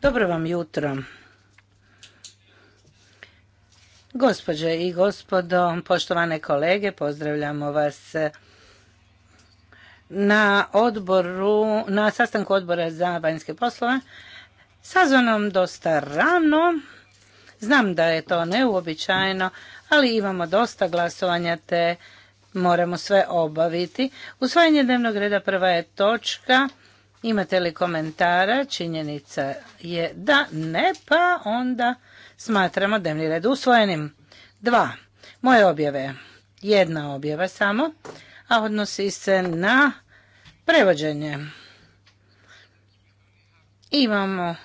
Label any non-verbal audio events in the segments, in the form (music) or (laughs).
Dobro vam jutro. Gospođe i gospodo, poštovane kolege, pozdravljamo vas na odboru, na sastanku odbora za vanjske poslove. Sazvanom dosta rano, znam da je to neuobičajeno, ali imamo dosta glasovanja te moramo sve obaviti. Usvajanje dnevnog reda prva je točka. Imate li komentara? Činjenica je da ne, pa onda smatramo dnevni red usvojenim. Dva. Moje objave. Jedna objava samo, a odnosi se na prevođenje. Imamo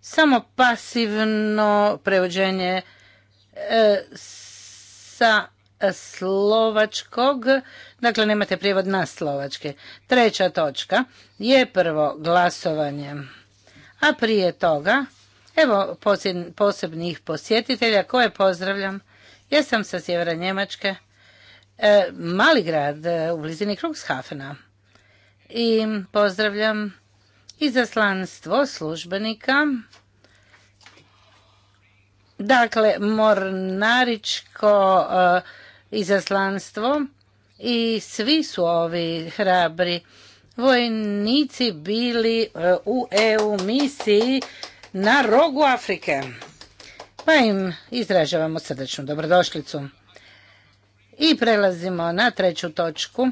samo pasivno prevođenje e, sa slovačkog, dakle nemate prijevod na slovačke. Treća točka je prvo glasovanje. A prije toga, evo posebnih posjetitelja koje pozdravljam. Ja sam sa sjevera Njemačke, e, mali grad e, u blizini Krugshafena. I pozdravljam izaslanstvo službenika Dakle, mornaričko e, izaslanstvo i svi su ovi hrabri vojnici bili e, u EU misiji na rogu Afrike. Pa im izražavamo srdečnu dobrodošlicu. I prelazimo na treću točku,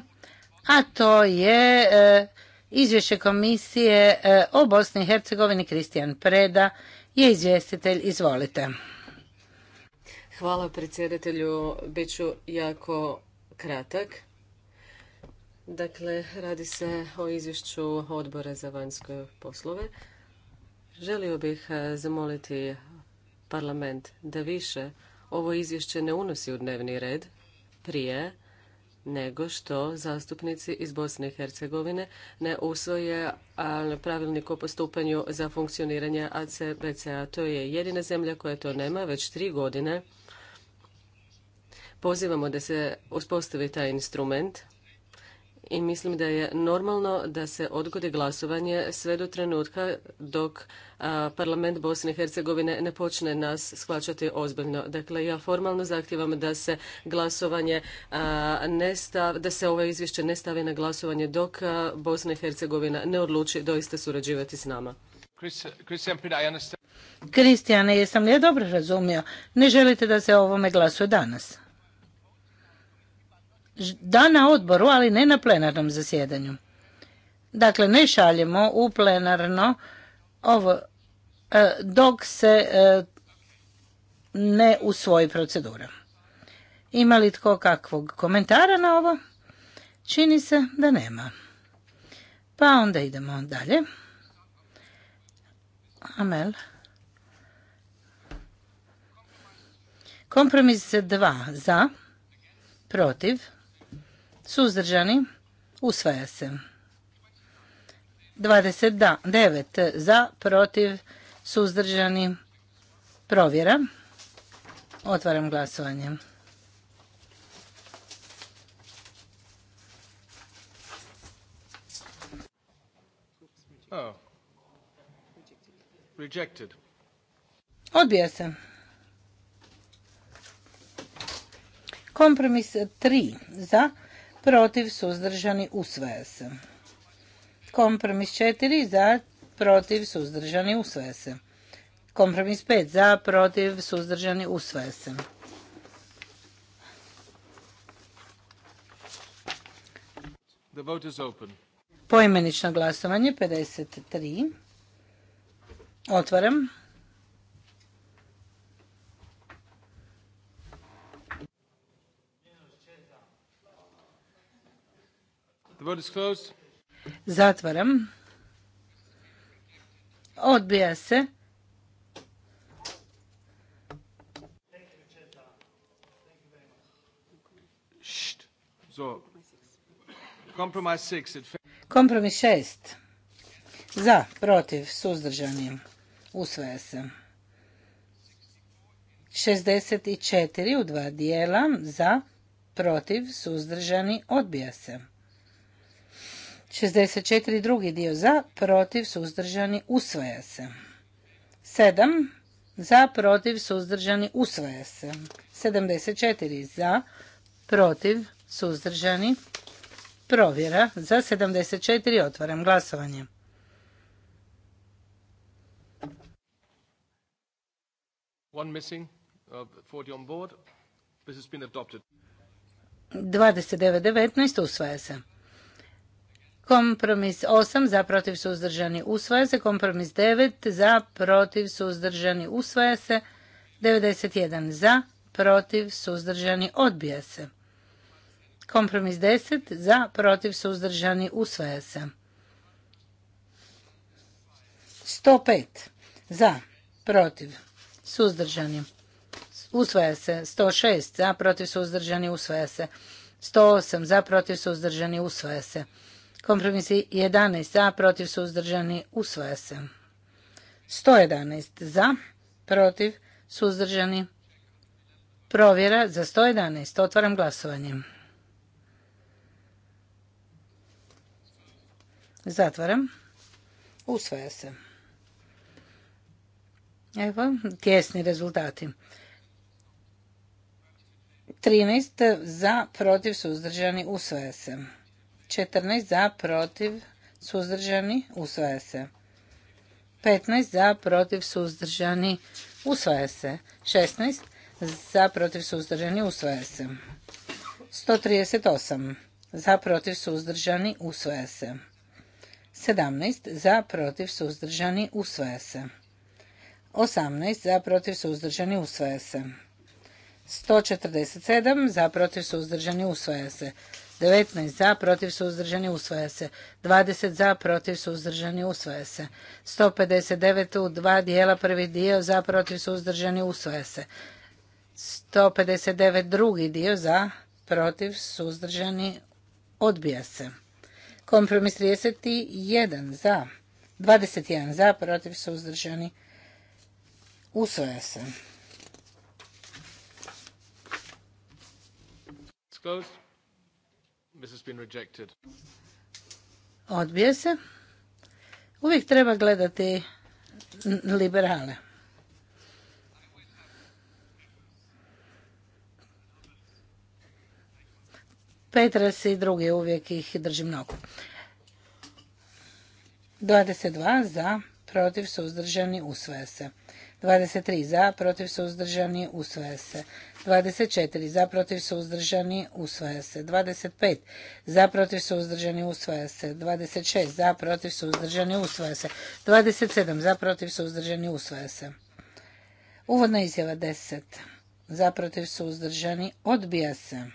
a to je e, izvješće komisije e, o Bosni i Hercegovini. Kristijan Preda je izvjestitelj. Izvolite. Hvala predsjedatelju, bit ću jako kratak. Dakle, radi se o izvješću odbora za vanjske poslove. Želio bih e, zamoliti parlament da više ovo izvješće ne unosi u dnevni red prije nego što zastupnici iz Bosne i Hercegovine ne usvoje pravilnik o postupanju za funkcioniranje ACBCA. To je jedina zemlja koja to nema već tri godine pozivamo da se uspostavi taj instrument i mislim da je normalno da se odgodi glasovanje sve do trenutka dok parlament Bosne i Hercegovine ne počne nas shvaćati ozbiljno. Dakle, ja formalno zahtijevam da se glasovanje ne stav, da se ovo izvješće ne stavi na glasovanje dok Bosna i Hercegovina ne odluči doista surađivati s nama. Kristijane, jesam li ja dobro razumio? Ne želite da se o ovome glasuje danas? Da na odboru, ali ne na plenarnom zasjedanju. Dakle, ne šaljemo u plenarno ovo e, dok se e, ne usvoji procedura. Ima li tko kakvog komentara na ovo? Čini se da nema. Pa onda idemo dalje. Amel. Kompromis 2 za, protiv, suzdržani, usvaja se. 29 za, protiv, suzdržani, provjera. Otvaram glasovanje. Oh. Odbija se. Kompromis 3 za, protiv, suzdržani, usvaja se. Kompromis 4 za, protiv, suzdržani, usvaja se. Kompromis 5 za, protiv, suzdržani, usvaja se. The vote Poimenično glasovanje 53. Otvaram. Zatvaram. Odbija se. Kompromis šest. Za, protiv, suzdržani. Usvaja se. 64 u dva dijela. Za, protiv, suzdržani. Odbija se. 64. drugi dio za, protiv, suzdržani, usvaja se. 7. Za, protiv, suzdržani, usvaja se. 74. Za, protiv, suzdržani, provjera. Za 74. otvaram glasovanje. One missing, uh, 40 on board. This has been adopted. 29.19. usvaja se. Kompromis 8 za protiv suzdržani usvaja se. Kompromis 9 za protiv suzdržani usvaja se. 91 za protiv suzdržani odbija se. Kompromis 10 za protiv suzdržani usvaja se. 105 za protiv suzdržani usvaja se. 106 za protiv suzdržani usvaja se. 108 za protiv suzdržani usvaja se. Kompromis 11 za, protiv suzdržani usvaja se. 111 za, protiv suzdržani provjera za 111. Otvaram glasovanje. Zatvaram. Usvaja se. Evo, tjesni rezultati. 13 za, protiv, suzdržani, usvaja se. 14 za, protiv, suzdržani, usvaja se. 15 za, protiv, suzdržani, usvaja se. 16 za, protiv, suzdržani, usvaja se. 138 za, protiv, suzdržani, usvaja se. 17 za, protiv, suzdržani, usvaja se. 18 za, protiv, suzdržani, usvaja se. 147 za, protiv, suzdržani, usvaja se. 19 za, protiv suzdržani usvaja se. 20 za, protiv suzdržani usvaja se. 159 u dva dijela, prvi dio za, protiv suzdržani usvaja se. 159 drugi dio za, protiv suzdržani odbija se. Kompromis 31 za, 21 za, protiv suzdržani usvaja se. Odbije se. Uvijek treba gledati liberale. Petras i drugi, uvijek ih držim na 22 za, protiv, suzdržani, usvaja se. 23 za, protiv suzdržani, usvaja se. 24 za, protiv su uzdržani, usvaja se. 25 za, protiv su uzdržani, usvaja se. 26 za, protiv su uzdržani, usvaja se. 27 za, protiv su uzdržani, usvaja se. Uvodna izjava 10 za, protiv uzdržani, odbija se.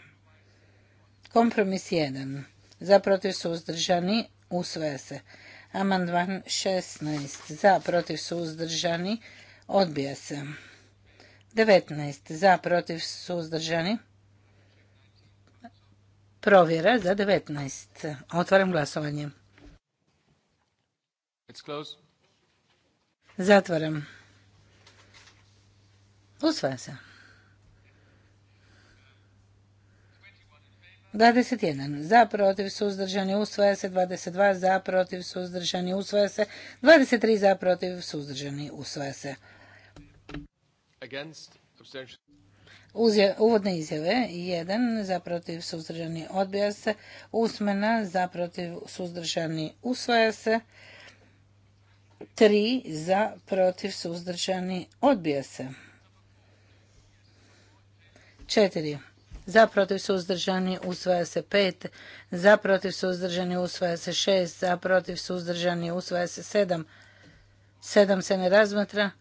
Kompromis 1 za, protiv suzdržani, usvaja se. Amandman 16 za, protiv suzdržani, usvaja se. Odbija se. 19 za, protiv, suzdržani. Provjera za 19. Otvaram glasovanje. Zatvaram. Usvaja se. 21 za, protiv, suzdržani, usvaja se. 22 za, protiv, suzdržani, usvaja se. 23 za, protiv, suzdržani, usvaja se uvodne izjave, jedan za protiv suzdržani odbija se, usmena za protiv suzdržani usvaja se, tri za protiv suzdržani odbija se, četiri za protiv suzdržani usvaja se pet, za protiv suzdržani usvaja se šest, za protiv suzdržani usvaja se sedam, sedam se ne razmatra,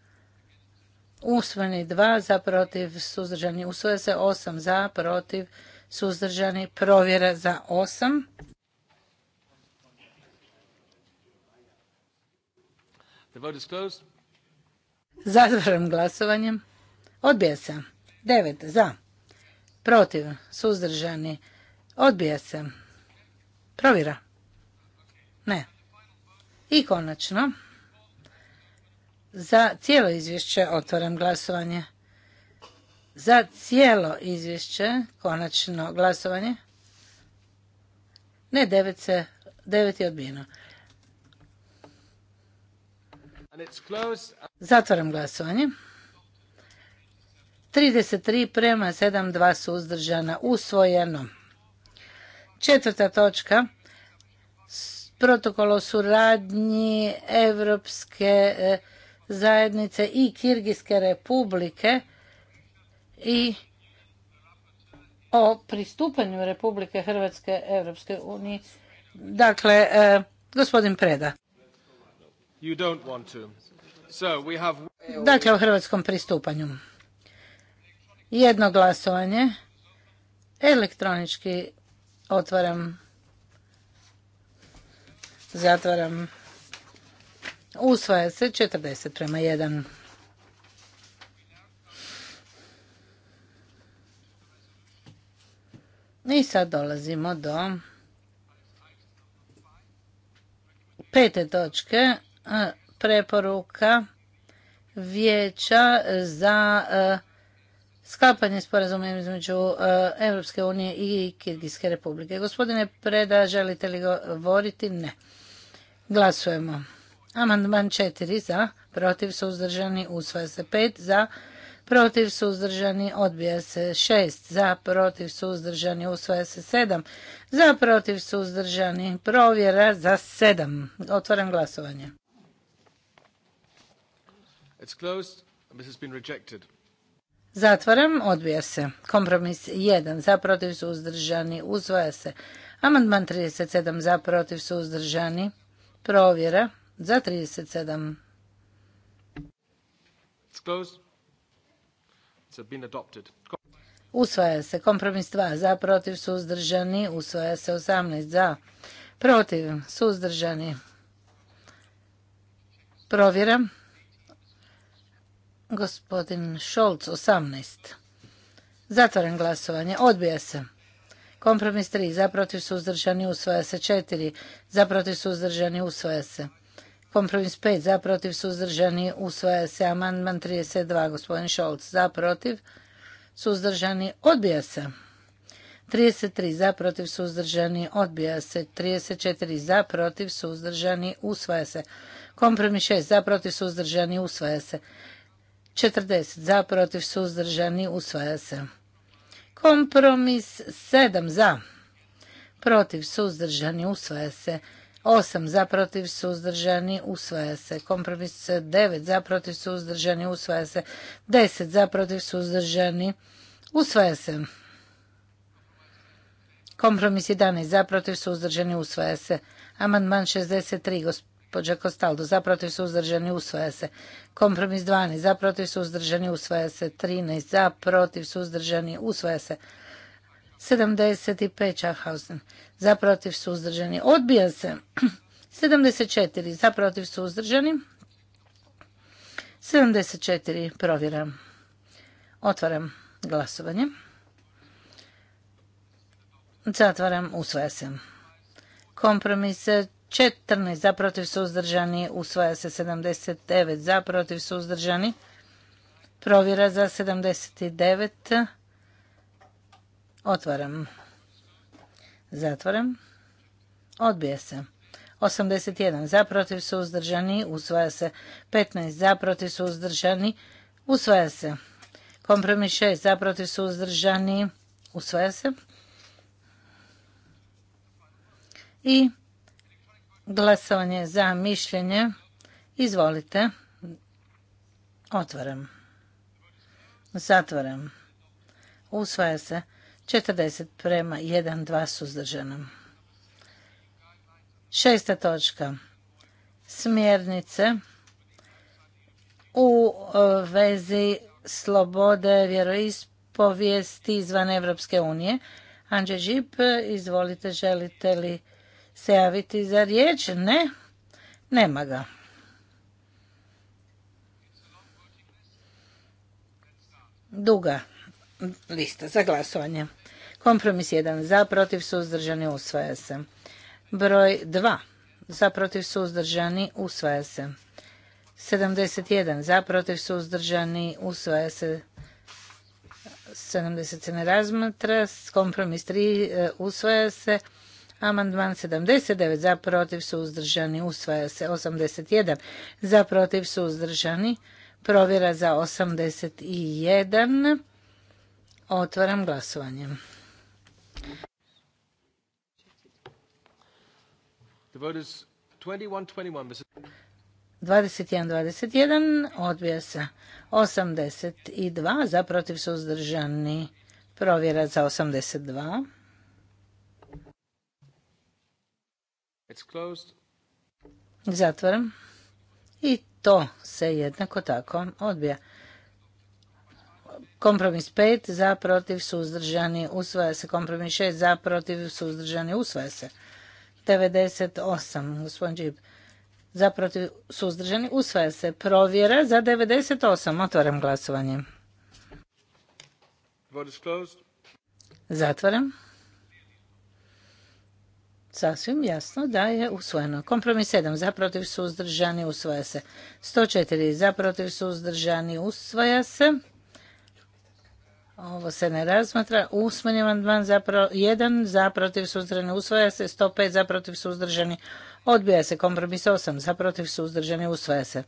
usvojeni dva. za protiv suzdržani usvoje se Osam za protiv suzdržani provjera za osam. The glasovanjem. Odbija se. Devet za. Protiv. Suzdržani. Odbija se. Provjera. Ne. I konačno. Za cijelo izvješće otvaram glasovanje. Za cijelo izvješće konačno glasovanje. Ne, devet se, devet je odbijeno. Zatvaram glasovanje. 33 prema 7, 2 su uzdržana, usvojeno. Četvrta točka, protokol o suradnji Evropske eh, zajednice i Kirgijske republike i o pristupanju Republike Hrvatske Europske unije. Dakle, e, gospodin Preda. Dakle, o hrvatskom pristupanju. Jedno glasovanje. Elektronički otvaram. Zatvaram. Usvaja se 40 prema 1. I sad dolazimo do pete točke preporuka vijeća za sklapanje sporazuma između Europske unije i Kirgijske republike. Gospodine Preda, želite li govoriti? Ne. Glasujemo. Amandman 4 za, protiv suzdržani usvaja se 5 za, protiv suzdržani odbija se 6 za, protiv suzdržani usvaja se 7 za, protiv suzdržani provjera za 7. Otvaram glasovanje. It's closed. rejected. Zatvaram, odbija se. Kompromis 1 za, protiv suzdržani usvaja se. Amandman 37 za, protiv suzdržani provjera. Za 37. Usvaja se kompromis 2 za, protiv, suzdržani. Usvaja se 18 za, protiv, suzdržani. Provjera. Gospodin Šolc, 18. Zatvoren glasovanje. Odbija se. Kompromis 3. Za protiv suzdržani usvaja se 4. Za protiv suzdržani usvaja se. Kompromis 5 za protiv suzdržani usvaja se amandman 32 gospodin Šolc za protiv suzdržani odbija se. 33 za protiv suzdržani odbija se. 34 za protiv suzdržani usvaja se. Kompromis 6 za protiv suzdržani usvaja se. 40 za protiv suzdržani usvaja se. Kompromis 7 za protiv suzdržani usvaja se osam za protiv suzdržani usvaja se. Kompromis 9 za protiv suzdržani usvaja se. 10 za protiv suzdržani usvaja se. Kompromis 11 zaprotiv protiv suzdržani usvaja se. Amandman 63 gospođa Kostaldo za protiv suzdržani usvaja se. Kompromis 12 za protiv suzdržani usvaja se. 13 za protiv suzdržani usvaja se. 75 Schaffhausen za protiv suzdržani odbija se 74 (clears throat) za protiv suzdržani 74 provjera otvaram glasovanje zatvaram usvaja se kompromis 14 za protiv suzdržani usvaja se 79 za protiv suzdržani provjera za 79 Otvaram. Zatvaram. Odbija se. 81 za protiv suzdržani, usvaja se. 15 za protiv suzdržani, usvaja se. Kompromis 6 za protiv suzdržani, usvaja se. I glasovanje za mišljenje. Izvolite. Otvaram. Zatvaram. Usvaja se. 40 prema 1, 2 suzdržana. Šesta točka. Smjernice u e, vezi slobode vjeroispovijesti izvan Evropske unije. Andrzej Žip, izvolite, želite li se javiti za riječ? Ne, nema ga. Duga lista za glasovanje. Kompromis 1 za, protiv, suzdržani, usvaja se. Broj 2 za, protiv, suzdržani, usvaja se. 71 za, protiv, suzdržani, usvaja se. 70 se ne razmatra, kompromis 3 e, usvaja se. Amandman 79 za, protiv, suzdržani, usvaja se. 81 za, protiv, suzdržani, provjera za 81. Otvaram glasovanje. 21, 21. odbija se. 82 za protiv suzdržani. Provjera za 82. It's closed. Zatvaram. I to se jednako tako odbija. Kompromis 5 za protiv suzdržani usvaja se. Kompromis 6 za protiv suzdržani usvaja se. 98, gospodin Đib. zaprotiv suzdržani usvaja se provjera za 98. Otvaram glasovanje. Zatvaram. Sasvim jasno da je usvojeno. Kompromis 7. Zaprotiv suzdržani usvaja se. 104. Zaprotiv suzdržani usvaja se. Ovo se ne razmatra. Usmeni amandman za 1 za protiv suzdržani usvaja se, 105 za protiv suzdržani odbija se, kompromis 8 za protiv suzdržani usvaja se.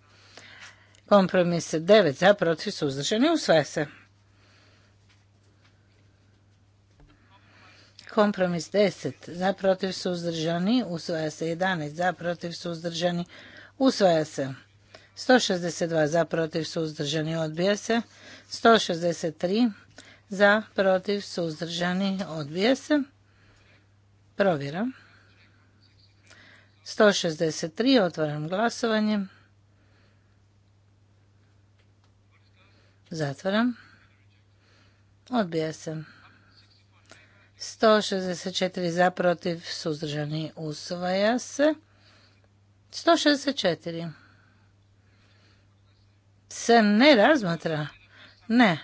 Kompromis 9 za protiv suzdržani usvaja se. Kompromis 10 za protiv suzdržani usvaja se, 11 za protiv suzdržani usvaja se. 162 za protiv suzdržani odbija se, 163 za, protiv, suzdržani, odbija se. Provjera. 163, otvaram glasovanje. Zatvaram. Odbija se. 164 za, protiv, suzdržani, usvaja se. 164. Se ne razmatra? Ne.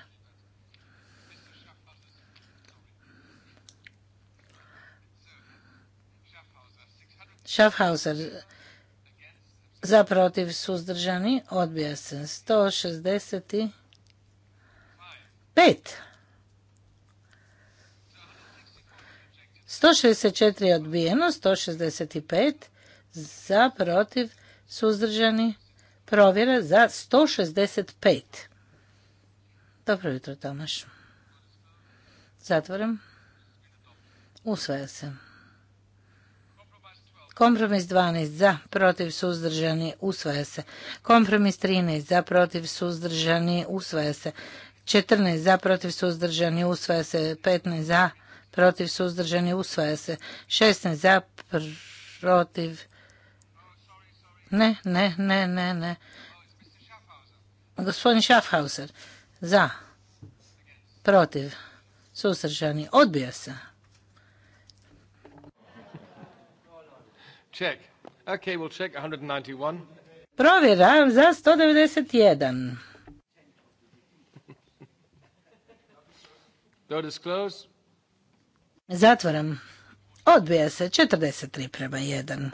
Schaffhauser za protiv suzdržani odbija se 165 164 je odbijeno 165 za protiv suzdržani provjera za 165 Dobro jutro Tomaš Zatvorim. Usvaja se Kompromis 12 za, protiv suzdržani, usvaja se. Kompromis 13 za, protiv suzdržani, usvaja se. 14 za, protiv suzdržani, usvaja se. 15 za, protiv suzdržani, usvaja se. 16 za, protiv... Ne, ne, ne, ne, ne. Gospodin Schaffhauser, za, protiv, suzdržani, odbija se. Check. Okay, we'll check 191. Provjera za 191. (laughs) Door closed. Zatvoram. Odbija se 43 prema 1.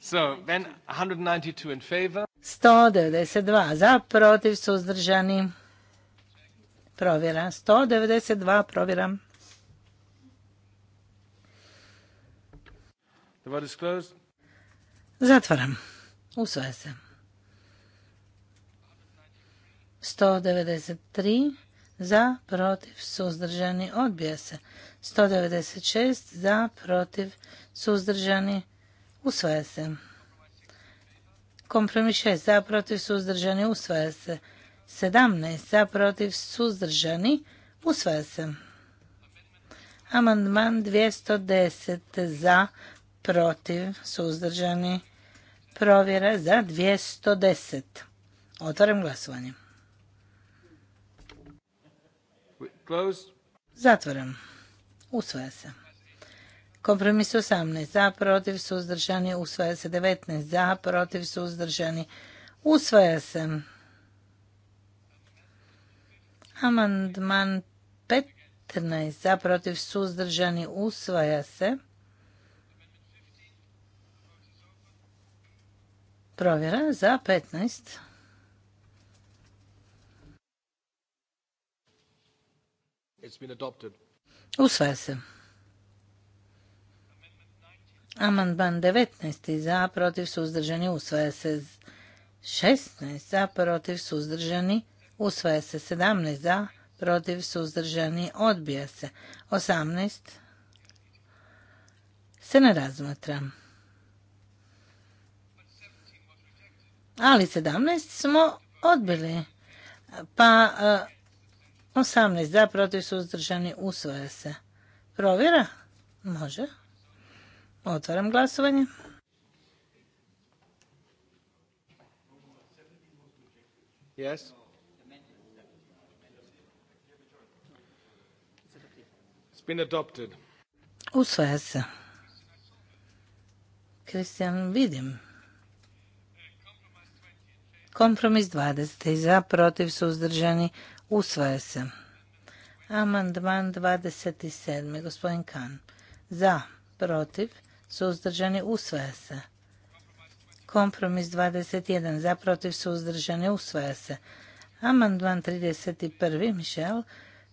So, then 192 in favor. 192 za, protiv suzdržani. Provjera. 192 provjera. Zatvaram. Usvaja se. 193 za, protiv, suzdržani, odbija se. 196 za, protiv, suzdržani, usvaja se. Kompromis 6 za, protiv, suzdržani, usvaja se. 17 za, protiv, suzdržani, usvaja se. Amandman 210 za, protiv, suzdržani, provjera za 210. Otvaram glasovanje. Zatvaram. Usvaja se. Kompromis 18. Za, protiv, suzdržani. Usvaja se 19. Za, protiv, suzdržani. Usvaja se. Amandman 15. Za, protiv, suzdržani. Usvaja se. Provjera za 15. It's been adopted. Usvaja se. Amandman 19. za, protiv, suzdržani, usvaja se 16. za, protiv, suzdržani, usvaja se 17. za, protiv, suzdržani, odbija se 18. Se ne razmatram. ali 17 smo odbili. Pa 18 e, da protiv uzdržani. usvoja se. Provjera? Može. Otvaram glasovanje. Yes. It's been adopted. Usvaja se. Kristijan, vidim Kompromis 20. Za, protiv, suzdržani, usvaja se. Amandman 27. Gospodin Kan. Za, protiv, suzdržani, usvaja se. Kompromis 21. Za, protiv, suzdržani, usvaja se. Amandman 31. Mišel.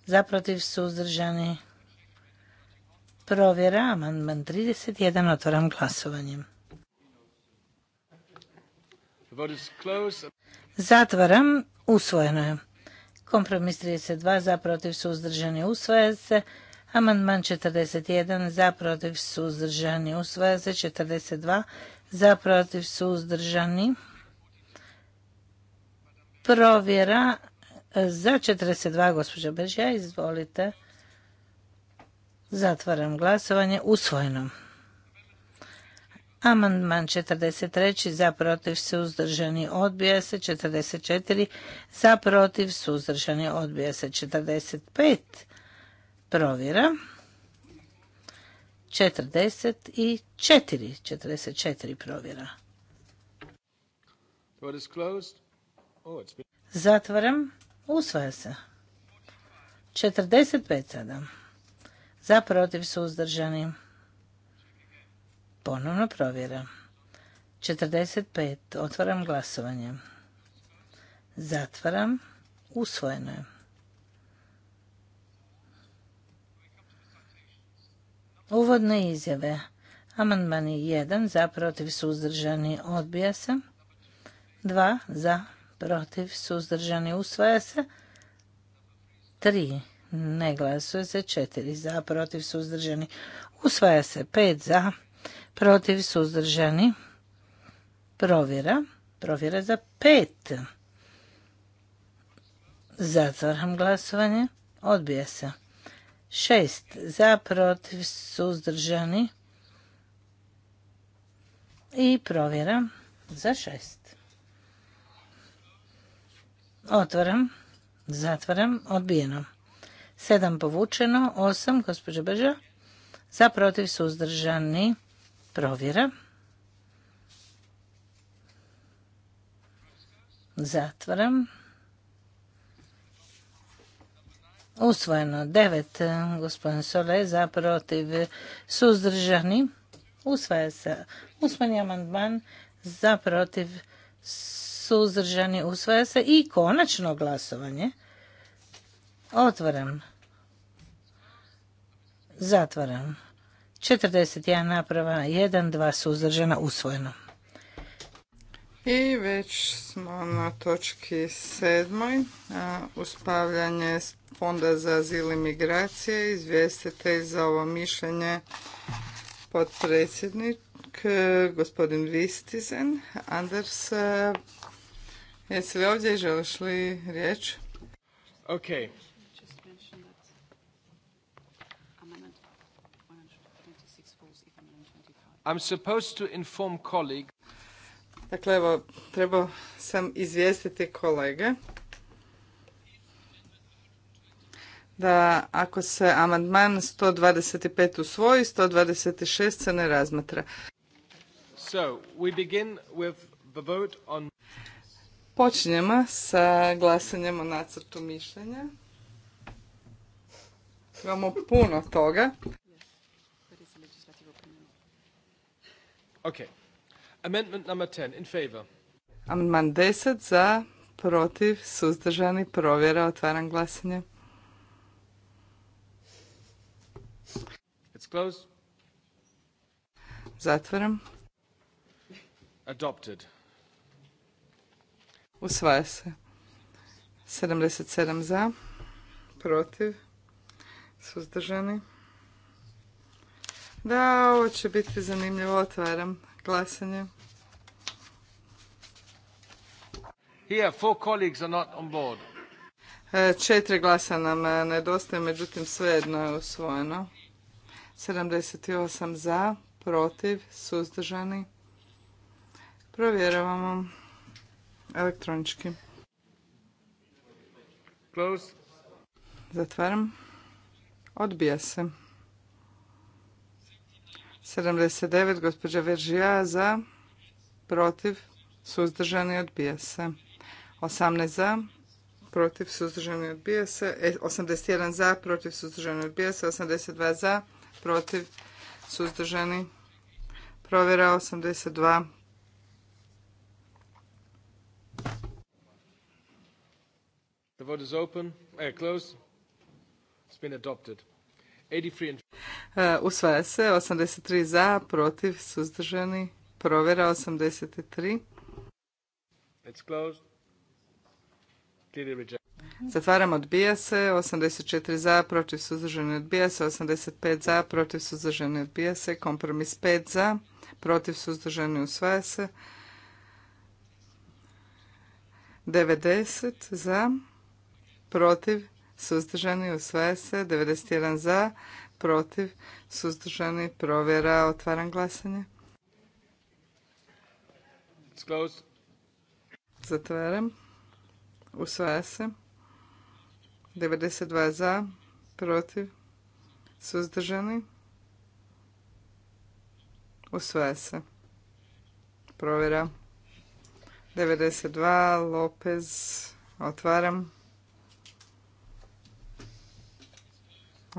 Za, protiv, suzdržani, Provjera amandman 31. Otvaram glasovanjem. Zatvaram. Usvojeno je. Kompromis 32 za protiv suzdržani usvaja se. Amandman 41 za protiv suzdržani usvaja se. 42 za protiv suzdržani. Provjera e, za 42 gospođa Beržija. Izvolite. Zatvaram glasovanje. Usvojeno. Amandman 43. za protiv suzdržani odbija se. 44. za protiv suzdržani odbija se. 45. provjera. 44. 44 provjera. Oh, Zatvaram. Usvaja se. 45 sada. Za protiv suzdržani Ponovno provjera. 45. Otvaram glasovanje. Zatvaram. Usvojeno je. Uvodne izjave. Amandmani 1 za protiv suzdržani odbija se. 2 za protiv suzdržani usvaja se. 3 ne glasuje se. 4 za protiv suzdržani usvaja se. 5 za protiv, suzdržani, provjera, provjera za pet. Zatvaram glasovanje, odbija se. Šest za, protiv, suzdržani i provjera za šest. Otvaram, zatvaram, odbijeno. Sedam povučeno, osam, gospođa Brža, za, protiv, suzdržani, Provjera. Zatvaram. Usvojeno devet, eh, gospodin Sole, za protiv suzdržani. Usvaja se usmeni amandman za protiv suzdržani. Usvaja se i konačno glasovanje. Otvaram. Zatvaram. 41 naprava 1, 2 suzdržana, usvojeno. I već smo na točki sedmoj. Uspavljanje Fonda za azil i migracije. Izvijestite za ovo mišljenje potpredsjednik e, gospodin Vistizen. Anders, e, jesi li ovdje i želiš li riječ? Okay. I'm supposed to inform Dakle, evo, trebao sam izvijestiti kolege da ako se amandman 125 usvoji, 126 se ne razmatra. So, we begin with the vote on... Počinjemo sa glasanjem o nacrtu mišljenja. Imamo puno toga. Okay. Amendment number 10 in favor. Amandman 10 za, protiv, suzdržani, provjera, otvaram glasanje. It's closed. Zatvaram. Adopted. Usvaja se. 77 za, protiv, suzdržani. Da, ovo će biti zanimljivo. Otvaram glasanje. E, četiri glasa nam e, nedostaje, međutim jedno je usvojeno. 78 za, protiv, suzdržani. Provjeravamo elektronički. Close. Zatvaram. Odbija se. 79 gospođa Veržija za, protiv, suzdržani odbija se. 18 za, protiv, suzdržani odbija se. 81 e, za, protiv, suzdržani odbija se. 82 za, protiv, suzdržani. Provjera 82. The vote is open. Air eh, closed. It's been adopted. E, usvaja se 83 za, protiv, suzdržani. Provjera 83. Zatvaram odbija se, 84 za, protiv suzdržani odbija se, 85 za, protiv suzdržani odbija se, kompromis 5 za, protiv suzdržani usvaja se, 90 za, protiv suzdržani, usvaja se. 91 za, protiv, suzdržani, provjera, otvaram glasanje. Zatvaram. Usvaja se. 92 za, protiv, suzdržani. Usvaja se. Provjera. 92, Lopez, otvaram.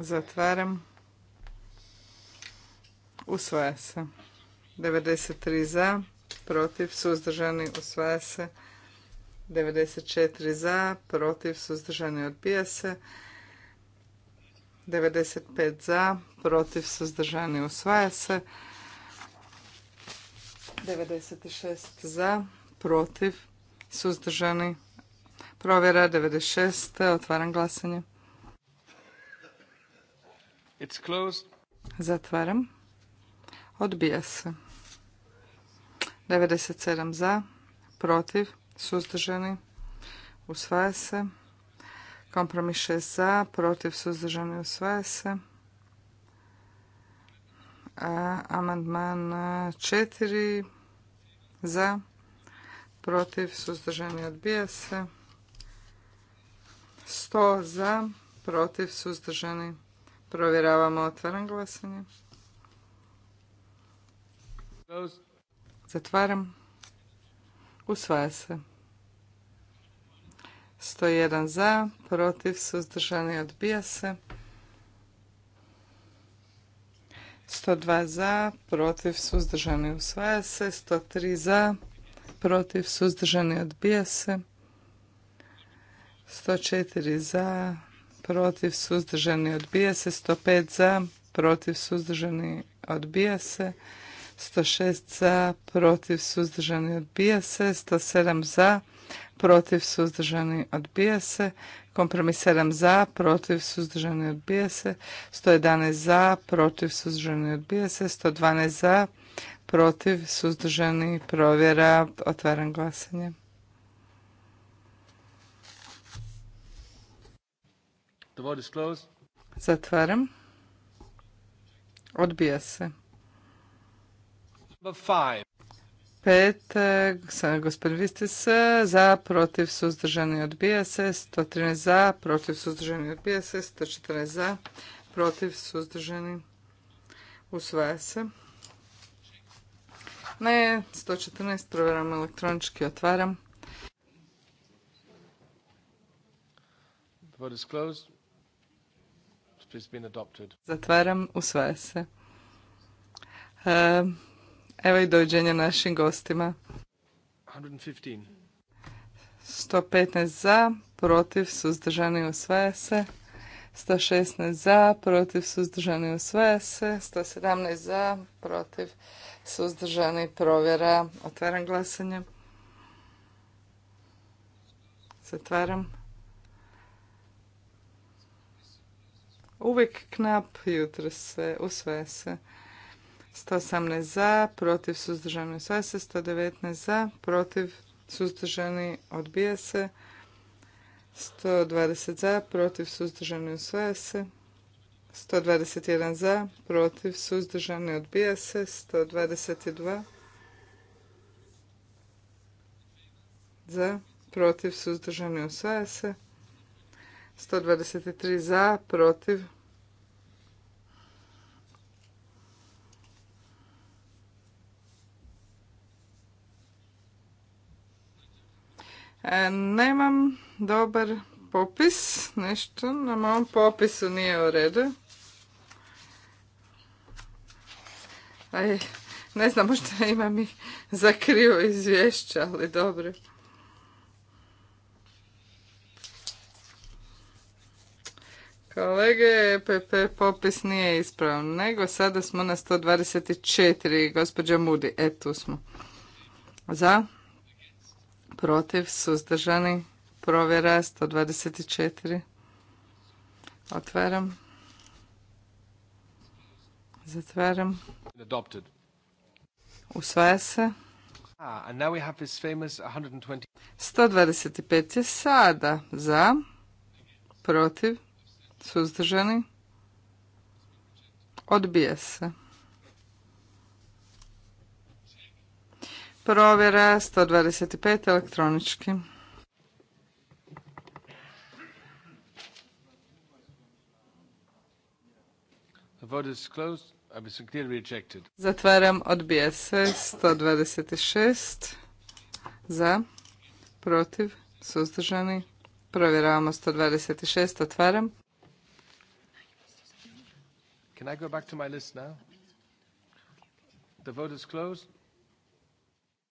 Zatvaram. Usvaja se. 93 za, protiv, suzdržani, usvaja se. 94 za, protiv, suzdržani, odbija se. 95 za, protiv, suzdržani, usvaja se. 96 za, protiv, suzdržani, provjera 96, otvaram glasanje. It's closed. Zatvaram. Odbija se. 97 za, protiv, suzdržani, usvaja se. Kompromis 6 za, protiv, suzdržani, usvaja se. A, amandman 4 za, protiv, suzdržani, odbija se. 100 za, protiv, suzdržani, Provjeravamo, otvaram glasanje. Zatvaram. Usvaja se. 101 za, protiv, suzdržani, odbija se. 102 za, protiv, suzdržani, usvaja se. 103 za, protiv, suzdržani, odbija se. 104 za, protiv suzdržani odbija se, 105 za, protiv suzdržani odbija se, 106 za, protiv suzdržani odbija se, 107 za, protiv suzdržani odbija se, kompromis 7 za, protiv suzdržani odbija se, 111 za, protiv suzdržani odbija se, 112 za, protiv suzdržani provjera, otvaram glasanje. The Zatvaram. Odbija se. Pet, e, gospodin Vistis, za, protiv, suzdržani, odbija se, 113 za, protiv, suzdržani, odbija se, 114 za, protiv, suzdržani, usvaja se. Ne, 114, provjeram elektronički, otvaram. The is closed. Zatvaram, usvaja se. Ehm, evo i dođenje našim gostima. 115. za, protiv, suzdržani, usvaja se. 116 za, protiv, suzdržani, usvaja se. 117 za, protiv, suzdržani, provjera. Otvaram glasanje. Zatvaram. Uvijek knap, jutro se, usvaja se. 118 za, protiv suzdržani usvaja se, 119 za, protiv suzdržani odbija se, 120 za, protiv suzdržani usvaja se, 121 za, protiv suzdržani odbija se, 122 za, protiv suzdržani usvaja se, 123 za, protiv. E, nemam dobar popis, nešto na mom popisu nije u redu. Aj, ne znam, možda imam i za krivo izvješće, ali dobro. kolege, pp e popis nije ispravan, nego sada smo na 124, gospođa Mudi, e tu smo. Za, protiv, suzdržani, provjera 124. Otvaram. Zatvaram. Usvaja se. Ah, and now 125 je sada za, protiv, Suzdržani? Odbije se. Provjera 125 elektronički. Zatvaram odbije se 126 za, protiv, suzdržani. Provjeravamo 126, otvaram. Can I go back to my list now? The vote is closed.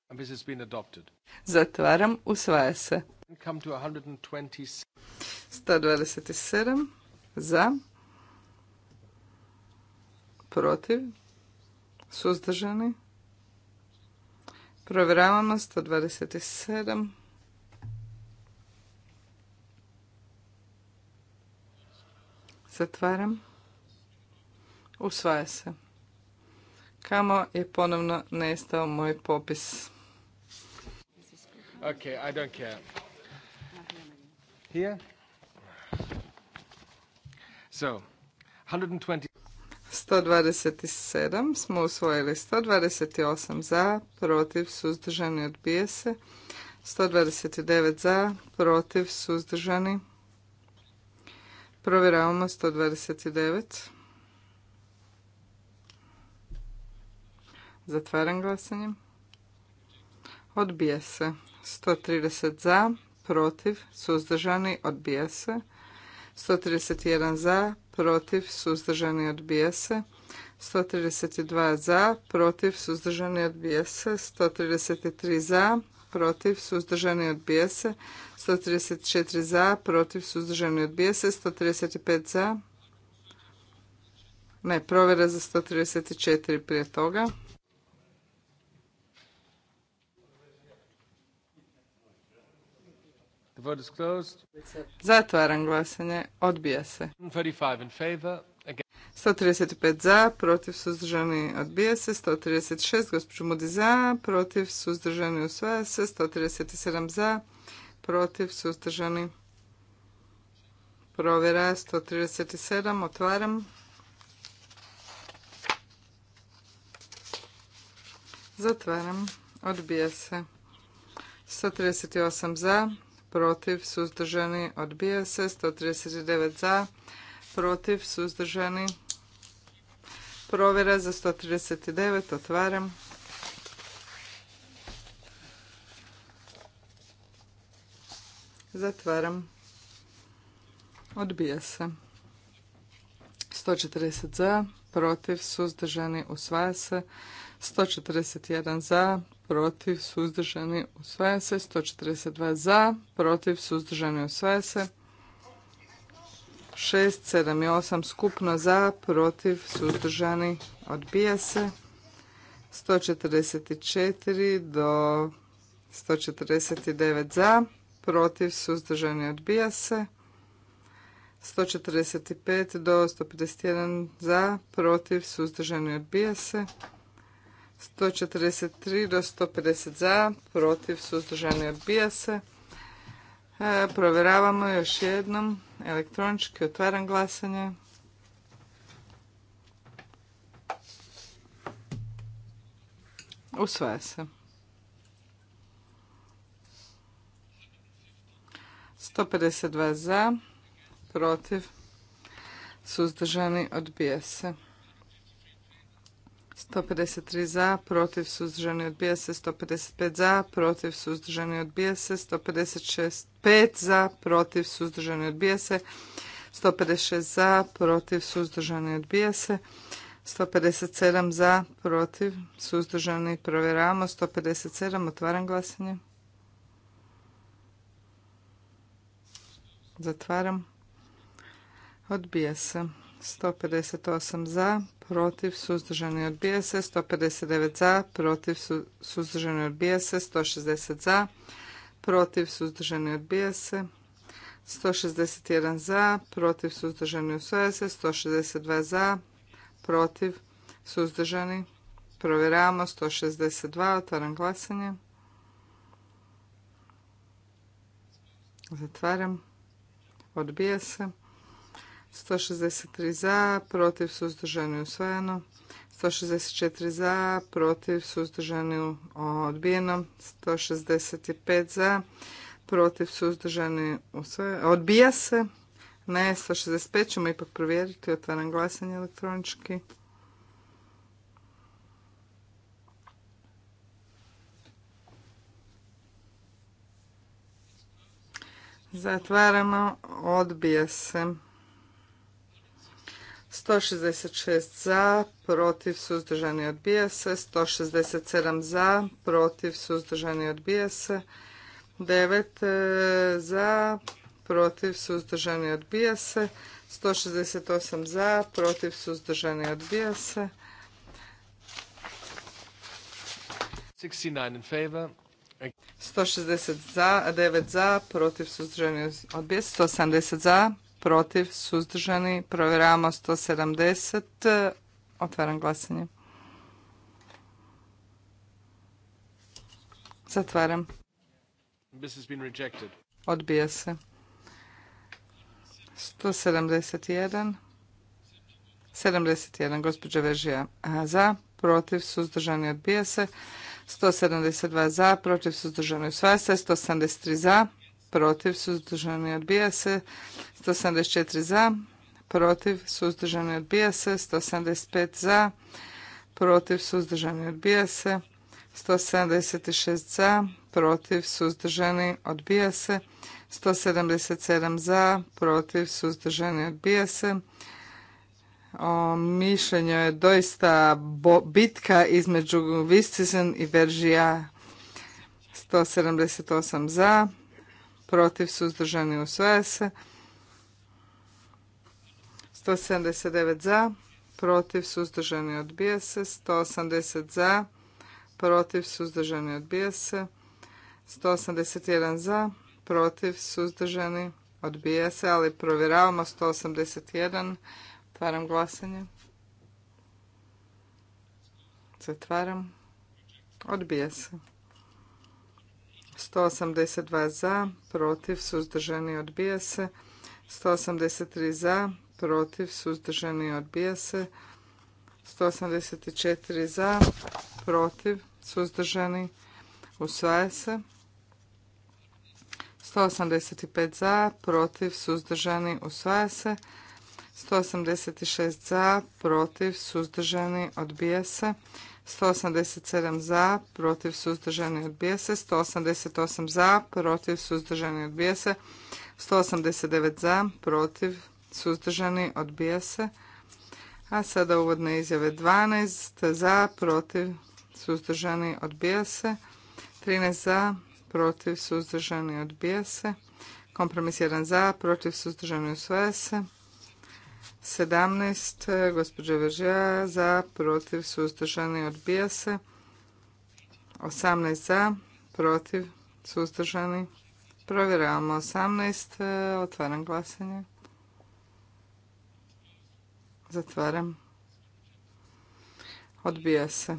And this has been adopted. Zatvaram, usvaja se. Come to 127. 127 za protiv suzdržani Provjeravamo 127. Zatvaram. Usvaja se. Kamo je ponovno nestao moj popis? Okay, I don't care. Here? So, 120. 127 smo usvojili 128 za, protiv, suzdržani, odbije se. 129 za, protiv, suzdržani. Provjeravamo 129. Zatvaram glasanje. Odbija se. 130 za, protiv, suzdržani, odbija se. 131 za, protiv, suzdržani, odbija se. 132 za, protiv, suzdržani, odbija se. 133 za, protiv, suzdržani, odbija se. 134 za, protiv, suzdržani, odbija se. 135 za, ne, provjera za 134 prije toga. Zatvaram glasanje. Odbija se. 135 za, protiv suzdržani odbija se, 136 gospođu Mudi za, protiv suzdržani usvaja se, 137 za, protiv suzdržani provjera, 137 otvaram. Zatvaram, odbija se. 138 za, protiv, suzdržani, odbija se. 139 za, protiv, suzdržani. Provjera za 139, otvaram. Zatvaram. Odbija se. 140 za, protiv, suzdržani, usvaja se. 141 za, protiv, suzdržani, usvaja se. 142 za, protiv, suzdržani, usvaja se. 6, 7 i 8 skupno za, protiv, suzdržani, odbija se. 144 do 149 za, protiv, suzdržani, odbija se. 145 do 151 za, protiv, suzdržani odbija se. 143 do 150 za, protiv, suzdržani odbija se. E, provjeravamo još jednom elektronički, otvaram glasanje. Usvaja se. 152 za, protiv, suzdržani, odbija se. 153 za, protiv, suzdržani, odbija se. 155 za, protiv, suzdržani, odbija se. 156 5 za, protiv, suzdržani, odbija se. 156 za, protiv, suzdržani, odbija se. 157 za, protiv, suzdržani, provjeravamo. 157, otvaram glasanje. Zatvaram. Odbija se. 158 za, protiv, suzdržani odbija se. 159 za, protiv, suzdržani odbija se. 160 za, protiv, suzdržani odbija se. 161 za, protiv, suzdržani usvaja se. 162 za, protiv, suzdržani. Provjeravamo 162, otvaram glasanje. Zatvaram. Odbija se. 163 za, protiv suzdržani usvojeno. 164 za, protiv suzdržani odbijeno. 165 za, protiv suzdržani usvojeno. Odbija se. Ne, 165 ćemo ipak provjeriti. Otvaram glasanje elektronički. Zatvaramo, odbija se. 166 za, protiv, suzdržani odbija se. 167 za, protiv, suzdržani odbija se. 9 e, za, protiv, suzdržani odbija se. 168 za, protiv, suzdržani odbija se. 69 160 za, 9 za, protiv, suzdržani odbija se. 170 za, protiv, suzdržani, provjeravamo 170, otvaram glasanje. Zatvaram. Odbija se. 171. 71, gospođa Vežija. za, protiv, suzdržani, odbija se. 172 za, protiv, suzdržani, Sva se. 173 za, protiv, suzdržani, odbija se. 174 za, protiv, suzdržani, odbija se. 175 za, protiv, suzdržani, odbija se. 176 za, protiv, suzdržani, odbija se. 177 za, protiv, suzdržani, odbija se. O mišljenju je doista bitka između Vistizen i Veržija 178 za, protiv, suzdržani, usvaja se. 179 za, protiv, suzdržani, odbija se. 180 za, protiv, suzdržani, odbija se. 181 za, protiv, suzdržani, odbija se, ali provjeravamo 181. Otvaram glasanje. Zatvaram. Odbija se. 182 za, protiv, suzdržani, odbija se. 183 za, protiv, suzdržani, odbija se. 184 za, protiv, suzdržani, usvaja se. 185 za, protiv, suzdržani, usvaja se. 186 za, protiv, suzdržani, odbija se. 187 za, protiv suzdržani odbija se, 188 za, protiv suzdržani odbija se, 189 za, protiv suzdržani odbija se. A sada uvodne izjave 12 za, protiv suzdržani odbija se, 13 za, protiv suzdržani odbija se, kompromis 1 za, protiv suzdržani usvaja se, 17. E, gospođa Veržija za, protiv, suzdržani, odbija se. 18 za, protiv, suzdržani. Provjeravamo 18. E, otvaram glasanje. Zatvaram. Odbija se.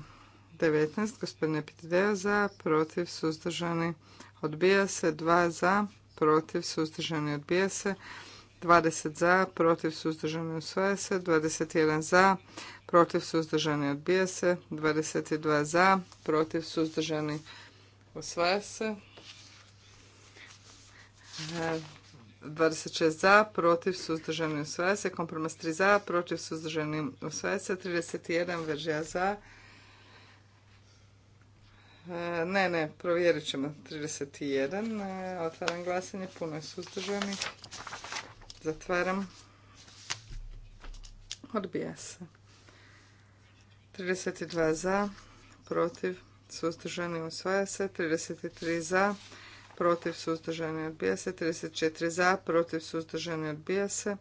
19. Gospodine Pitideo za, protiv, suzdržani. Odbija se. 2 za, protiv, suzdržani. Odbija se. 20 za, protiv suzdržani usvaja se, 21 za, protiv suzdržani odbija se, 22 za, protiv suzdržani usvaja se, 26 za, protiv suzdržani usvaja se, kompromis 3 za, protiv suzdržani usvaja se, 31 veržija za, ne, ne, provjerit ćemo 31. Otvaram glasanje, puno je suzdržanih. Zatvaram. Odbija se. 32 za, protiv, suzdržani osvaja se. 33 za, protiv, suzdržani odbija se. 34 za, protiv, suzdržani odbija se.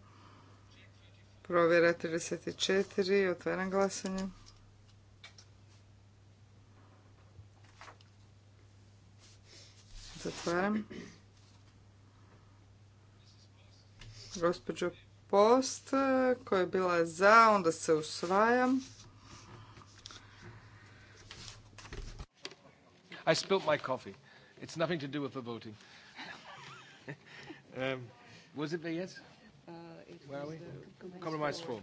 Provjera 34. Otvaram glasanje. Zatvaram. gospođo Post koja je bila za, onda se usvajam. I spilt my coffee. It's nothing to do with the voting. um, was it the yes? Uh, it Where are we? Compromise four.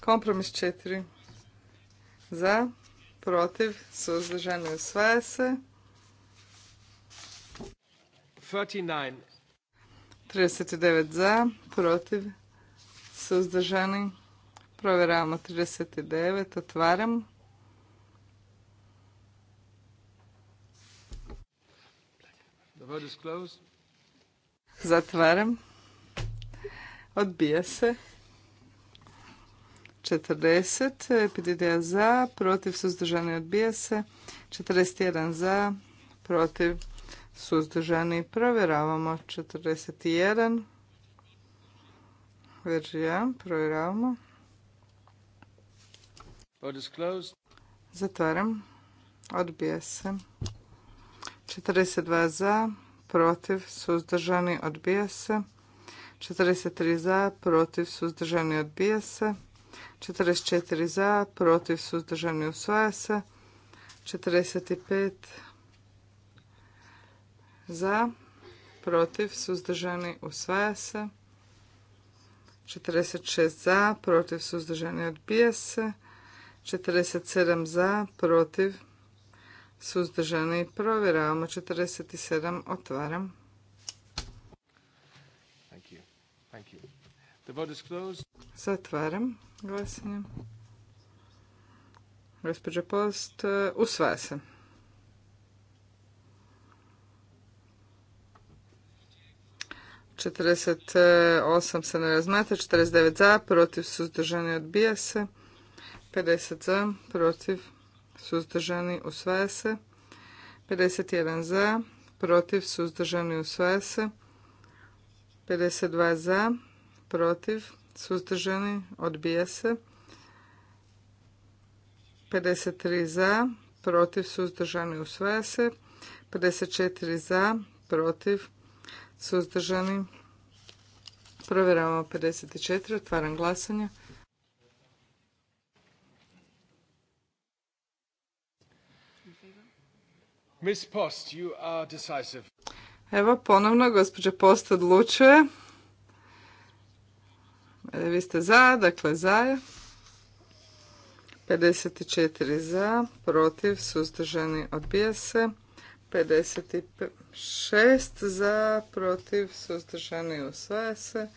Kompromis četiri. Za, protiv, suzdržani usvaja se. 39 39 za, protiv, suzdržani. Provjeravamo 39, otvaram. Zatvaram. Odbija se. 40, epididija za, protiv, suzdržani odbija se. 41 za, protiv, suzdržani. Provjeravamo 41. verzija provjeravamo. Zatvaram. Odbija se. 42 za, protiv, suzdržani, odbija se. 43 za, protiv, suzdržani, odbija se. 44 za, protiv, suzdržani, usvaja se. 45 za, protiv, suzdržani, usvaja se. 46 za, protiv, suzdržani, odbija se. 47 za, protiv, suzdržani, provjeravamo. 47 otvaram. Thank you. Zatvaram glasanje. Gospođa Post, uh, usvaja se. 48 se ne razmatra, 49 za, protiv suzdržani odbija se, 50 za, protiv suzdržani usvaja se, 51 za, protiv suzdržani usvaja se, 52 za, protiv suzdržani odbija se, 53 za, protiv suzdržani usvaja se, 54 za, protiv suzdržani. Provjeravamo 54, otvaram glasanje. Miss Post, you are decisive. Evo ponovno, gospođa Post odlučuje. E, vi ste za, dakle za 54 za, protiv, suzdržani, odbija se. 56 za, protiv, suzdržani, osvaja se.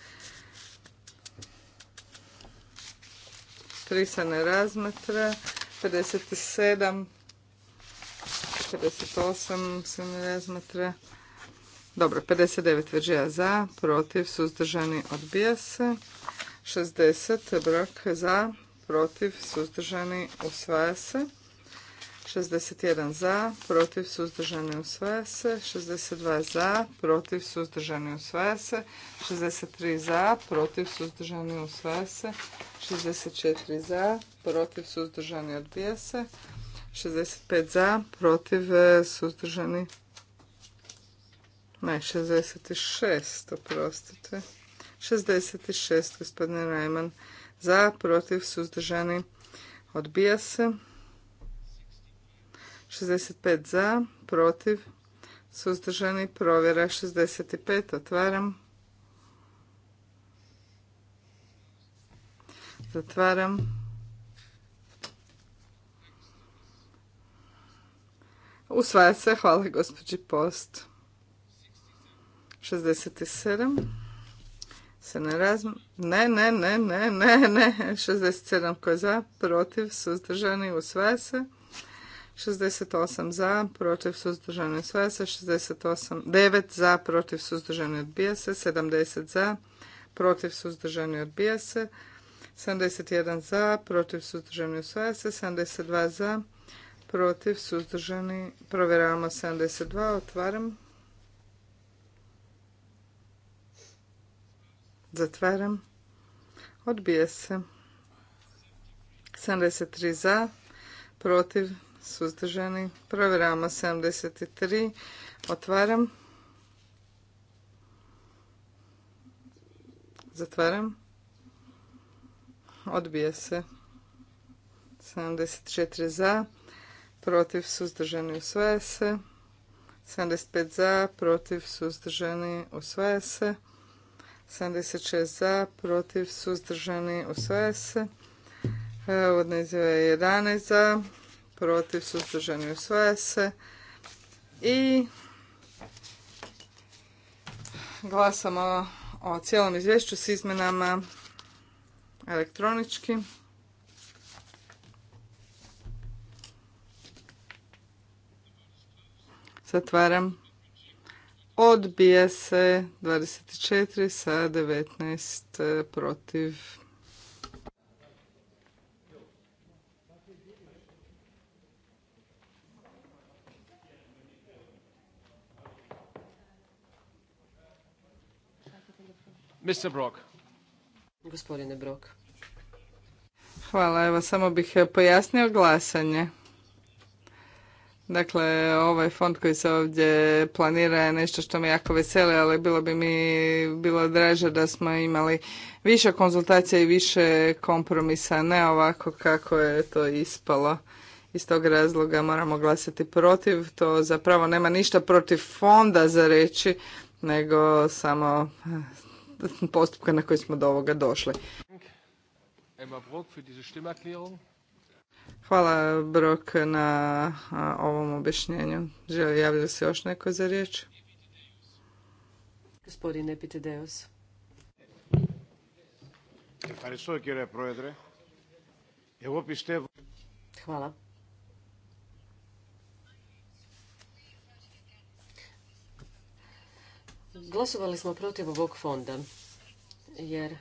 3 se ne razmatra. 57, 58 se ne razmatra. Dobro, 59 veđeja za, protiv, suzdržani, odbija se. 60 brak za, protiv, suzdržani, osvaja se. 61 za, protiv suzdržani usvaja se, 62 za, protiv suzdržani usvaja se, 63 za, protiv suzdržani usvaja se, 64 za, protiv suzdržani odbija se, 65 za, protiv e, suzdržani, ne, 66, oprostite, 66, gospodine Rajman, za, protiv suzdržani odbija se, 65 za, protiv, suzdržani, provjera 65, otvaram. Zatvaram. Usvaja se, hvala gospođi Post. 67 se ne razm... Ne, ne, ne, ne, ne, ne. 67 ko je za, protiv, suzdržani, usvaja se. 68 za, protiv suzdržane sve se, 68, 9 za, protiv suzdržane odbija se, 70 za, protiv suzdržane odbija se, 71 za, protiv suzdržane sve se, 72 za, protiv suzdržani, provjeravamo 72, otvaram. Zatvaram. Odbija se. 73 za, protiv suzdržani. Provjeravamo 73. Otvaram. Zatvaram. Odbije se. 74 za, protiv suzdržani usvaja se. 75 za, protiv suzdržani usvaja se. 76 za, protiv suzdržani usvaja se. Uvodna izjava je 11 za, protiv, suzdržani, usvaja se. I glasamo o cijelom izvješću s izmenama elektronički. Zatvaram. Odbije se 24 sa 19 protiv. Mr. Brock. Gospodine Brock. Hvala, evo samo bih eh, pojasnio glasanje. Dakle, ovaj fond koji se ovdje planira je nešto što me jako veseli, ali bilo bi mi bilo draže da smo imali više konzultacija i više kompromisa, ne ovako kako je to ispalo. Iz tog razloga moramo glasati protiv, to zapravo nema ništa protiv fonda za reći, nego samo eh, postupka na koji smo do ovoga došli. Hvala Brok na ovom objašnjenju. Želi javlja se još neko za riječ? Gospodin Epitedeus. Hvala. Glasovali smo protiv ovog fonda jer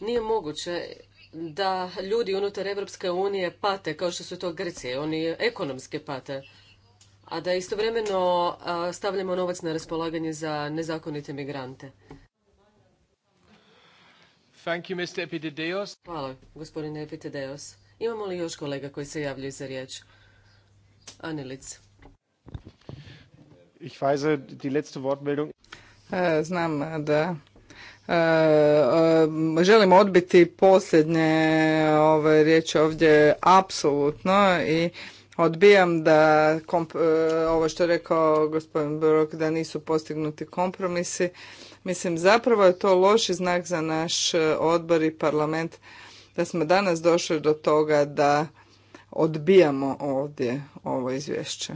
nije moguće da ljudi unutar Evropske unije pate kao što su to Grci, oni ekonomski pate, a da istovremeno stavljamo novac na raspolaganje za nezakonite migrante. Hvala, gospodine Epitideos. Imamo li još kolega koji se javljaju za riječ? Anilic. Ich die letzte Wortmeldung. E, znam da e, e, želim odbiti posljednje ove riječi ovdje apsolutno i odbijam da ovo što je rekao gospodin Brok da nisu postignuti kompromisi. Mislim zapravo je to loši znak za naš odbor i parlament da smo danas došli do toga da odbijamo ovdje ovo izvješće.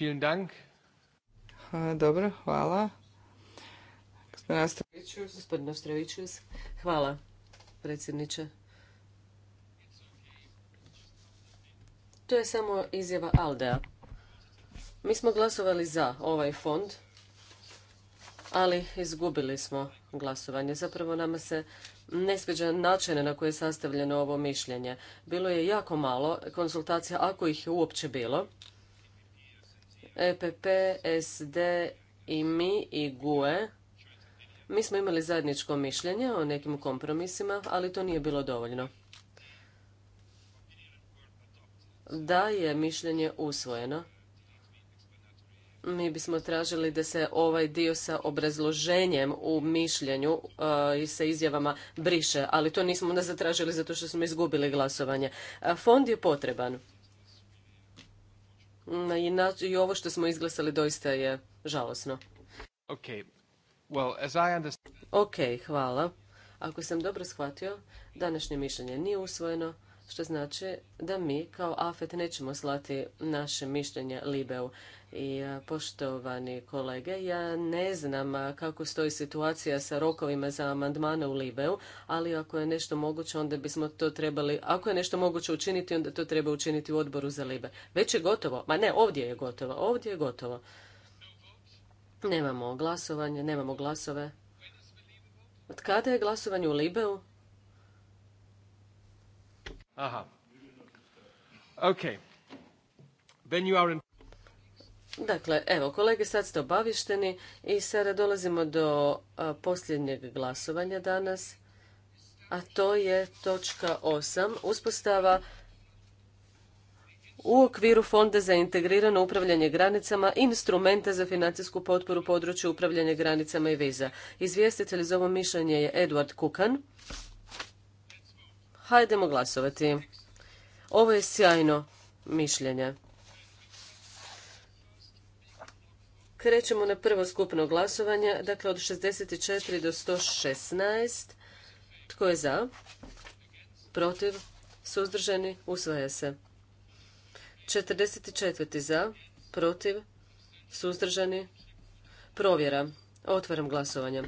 Vielen Dank. Dobro, hvala. Gospodin hvala predsjedniče. To je samo izjava Aldea. Mi smo glasovali za ovaj fond, ali izgubili smo glasovanje. Zapravo nama se ne sviđa način na koji je sastavljeno ovo mišljenje. Bilo je jako malo konsultacija, ako ih je uopće bilo. EPP, SD i mi i GUE. Mi smo imali zajedničko mišljenje o nekim kompromisima, ali to nije bilo dovoljno. Da je mišljenje usvojeno, mi bismo tražili da se ovaj dio sa obrazloženjem u mišljenju e, i sa izjavama briše, ali to nismo onda zatražili zato što smo izgubili glasovanje. Fond je potreban Mm, i ovo što smo izglasali doista je žalosno. ok Well, Ok, hvala. Ako sam dobro shvatio, današnje mišljenje nije usvojeno, što znači da mi kao AFET nećemo slati naše mišljenje Libeu. I e, poštovani kolege, ja ne znam e, kako stoji situacija sa rokovima za amandmane u Libeu, ali ako je nešto moguće, onda bismo to trebali, ako je nešto moguće učiniti, onda to treba učiniti u odboru za Libe. Već je gotovo, ma ne, ovdje je gotovo, ovdje je gotovo. Nemamo glasovanje, nemamo glasove. Od kada je glasovanje u Libeu? Aha. Okay. Then you are in... Dakle, evo, kolege, sad ste obavišteni i sada dolazimo do posljednjeg glasovanja danas, a to je točka 8. Uspostava u okviru Fonda za integrirano upravljanje granicama instrumenta za financijsku potporu području upravljanja granicama i viza. Izvjestitelj za ovo mišljenje je Edward Kukan. Hajdemo glasovati. Ovo je sjajno mišljenje. Krećemo na prvo skupno glasovanje, dakle od 64 do 116. Tko je za? Protiv? Suzdržani? Usvaja se. 44. za? Protiv? Suzdržani? Provjera. Otvaram glasovanje.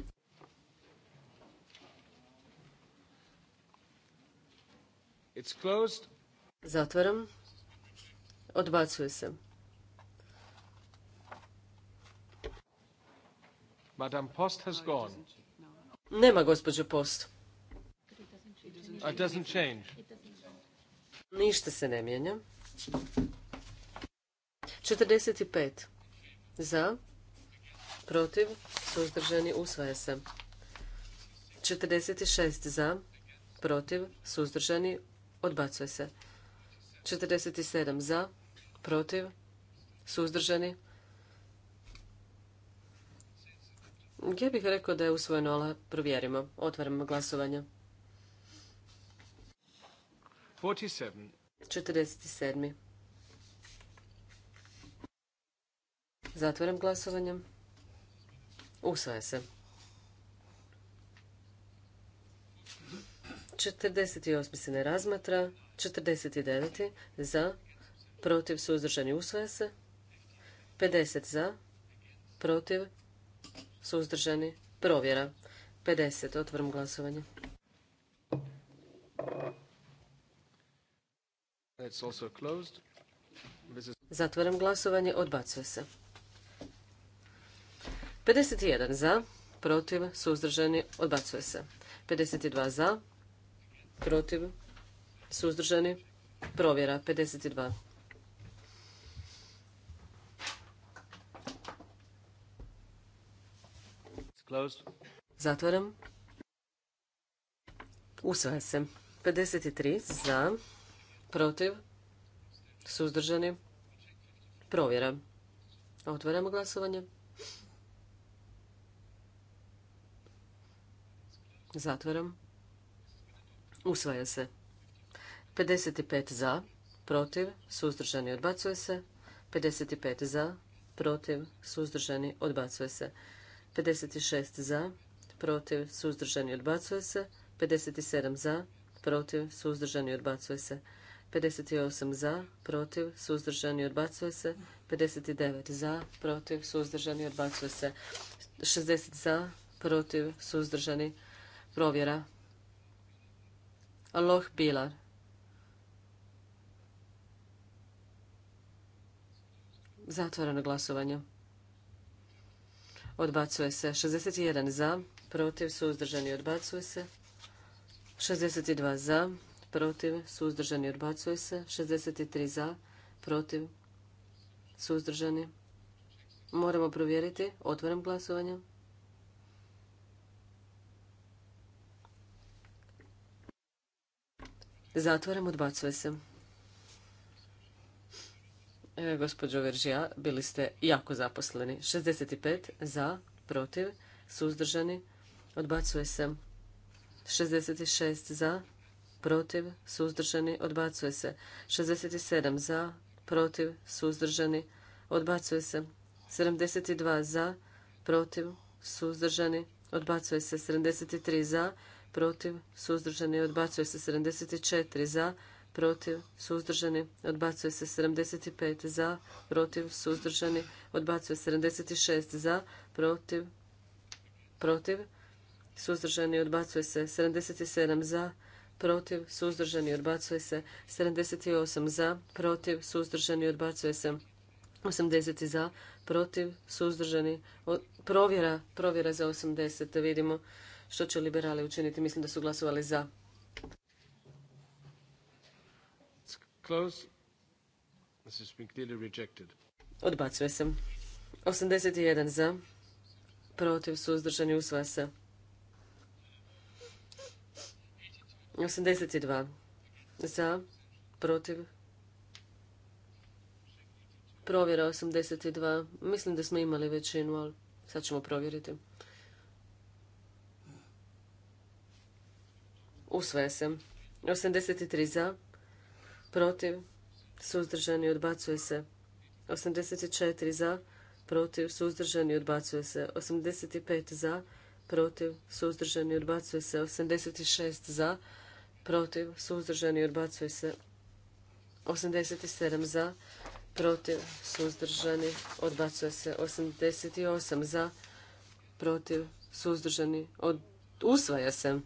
Zatvaram. Odbacuje se. Madame Post has gone. Nema gospođe Post. It doesn't change. Ništa se ne mijenja. 45. Za. Protiv. Suzdržani. Usvaja se. 46. Za. Protiv. Suzdržani. Odbacuje se. 47 za, protiv, suzdržani. Ja bih rekao da je usvojeno, ali provjerimo. Otvaramo glasovanje. 47. 47. Zatvaram glasovanje. Usvaja se. 48. se ne razmatra. 49. za, protiv, suzdržani, usvaja se. 50 za, protiv, suzdržani, provjera. 50. Otvorim glasovanje. Zatvaram glasovanje. Odbacuje se. 51 za, protiv, suzdržani, odbacuje se. 52 za, protiv, suzdržani, provjera 52. Zatvaram. Usvaja se. 53 za, protiv, suzdržani, provjera. Otvaramo glasovanje. Zatvaram. Usvaja se. 55 za, protiv, suzdržani, odbacuje se. 55 za, protiv, suzdržani, odbacuje se. 56 za, protiv, suzdržani, odbacuje se. 57 za, protiv, suzdržani, odbacuje se. 58 za, protiv, suzdržani, odbacuje se. 59 za, protiv, suzdržani, odbacuje se. 60 za, protiv, suzdržani, provjera. Bilar. Zatvoreno glasovanje. Odbacuje se. 61 za, protiv, suzdržani, odbacuje se. 62 za, protiv, suzdržani, odbacuje se. 63 za, protiv, suzdržani. Moramo provjeriti. otvorem glasovanje. Zatvoram, odbacuje se. E, gospođo Veržija, bili ste jako zaposleni. 65 za, protiv, suzdržani, odbacuje se. 66 za, protiv, suzdržani, odbacuje se. 67 za, protiv, suzdržani, odbacuje se. 72 za, protiv, suzdržani, odbacuje se. 73 za, protiv, suzdržani, odbacuje se 74 za, protiv, suzdržani, odbacuje se 75 za, protiv, suzdržani, odbacuje se 76 za, protiv, protiv, suzdržani, odbacuje se 77 za, protiv, suzdržani, odbacuje se 78 za, protiv, suzdržani, odbacuje se 80 za, protiv, suzdržani, provjera, provjera za 80, vidimo što će liberali učiniti. Mislim da su glasovali za. Odbacuje se. 81 za. Protiv suzdržani usvaja se. 82 za. Protiv. Provjera 82. Mislim da smo imali većinu, ali sad ćemo provjeriti. Usvaja se. 83 za. Protiv. Suzdržani odbacuje se. 84 za. Protiv. Suzdržani odbacuje se. 85 za. Protiv. Suzdržani odbacuje se. 86 za. Protiv. Suzdržani odbacuje se. 87 za. Protiv. Suzdržani odbacuje se. 88 za. Protiv. Suzdržani usvaja se.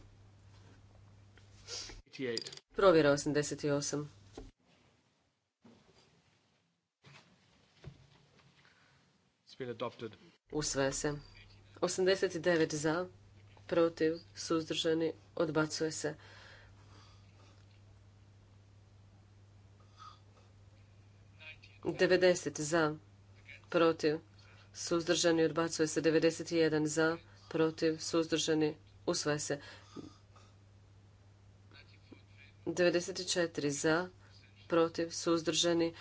88. Provjera 88. Usvaja se. 89 za, protiv, suzdržani, odbacuje se. Devedeset za, protiv, suzdržani, odbacuje se. 91 za, protiv, suzdržani, usvaja se. 94 za, protiv, suzdržani,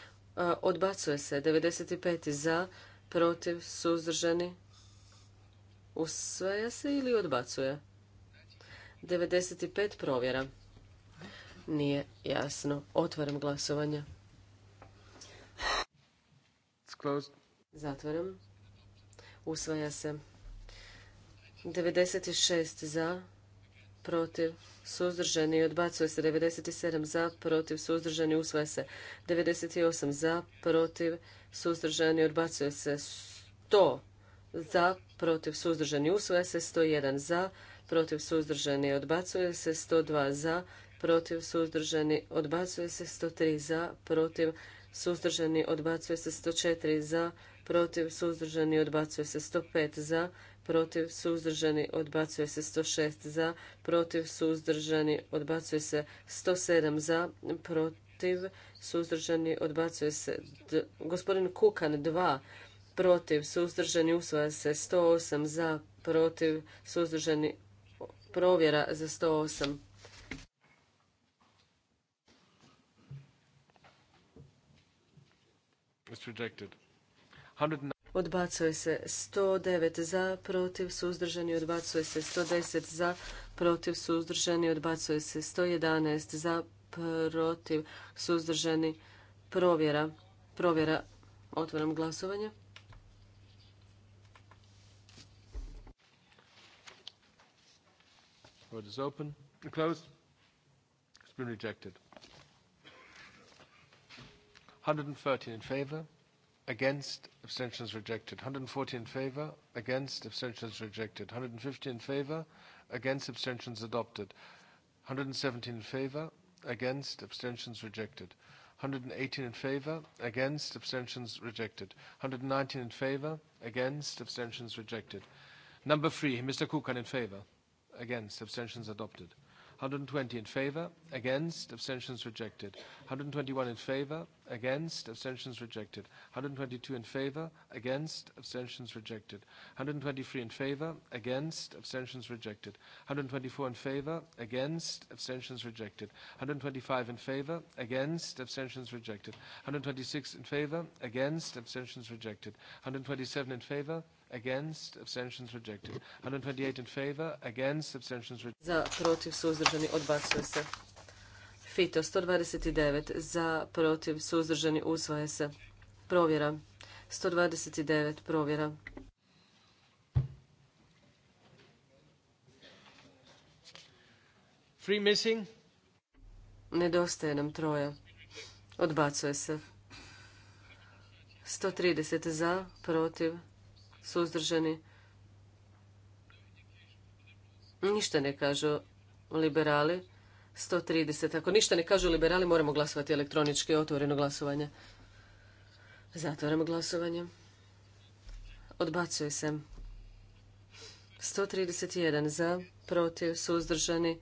odbacuje se. 95 za, protiv, suzdržani, usvaja se ili odbacuje? 95 provjera. Nije jasno. Otvaram glasovanje. Zatvaram. Usvaja se. 96 za, protiv, suzdržani, odbacuje se 97 za, protiv, suzdržani, usvaja se 98 za, protiv, suzdržani, odbacuje se 100 za, protiv, suzdržani, usvaja se 101 za, protiv, suzdržani, odbacuje se 102 za, protiv, suzdržani, odbacuje se 103 za, protiv, suzdržani, odbacuje se 104 za, protiv, suzdržani, odbacuje se 105 za, protiv suzdržani odbacuje se 106 za, protiv suzdržani odbacuje se 107 za, protiv suzdržani odbacuje se gospodin Kukan 2 protiv suzdržani usvaja se 108 za, protiv suzdržani provjera za 108 odbacuje se 109 za, protiv, suzdržani, odbacuje se 110 za, protiv, suzdržani, odbacuje se 111 za, protiv, suzdržani, provjera, provjera, otvaram glasovanje. Vote is open. Closed. It's rejected. 113 in favor. Against, abstentions rejected. 140 in favor. Against, abstentions rejected. 150 in favor. Against, abstentions adopted. 117 in favor. Against, abstentions rejected. 118 in favor. Against, abstentions rejected. 119 in favor. Against, abstentions rejected. Number three, Mr. Kukan in favor. Against, abstentions adopted. 120 in favor. Against, abstentions rejected. 121 in favor against, abstentions rejected. 122 in favor, against, abstentions rejected. 123 in favor, against, abstentions rejected. 124 in favor, against, abstentions rejected. 125 in favor, against, abstentions rejected. 126 in favor, against, abstentions rejected. 127 in favor, against, abstentions rejected. 128 in favor, against, abstentions rejected. Fito 129 za, protiv, suzdržani, usvaja se. Provjera. 129 provjera. Three missing. Nedostaje nam troja. Odbacuje se. 130 za, protiv, suzdržani. Ništa ne kažu liberali. 130. Ako ništa ne kažu liberali, moramo glasovati elektronički. Otvoreno glasovanje. Zatvoramo glasovanje. Odbacuje se. 131 za, protiv, suzdržani.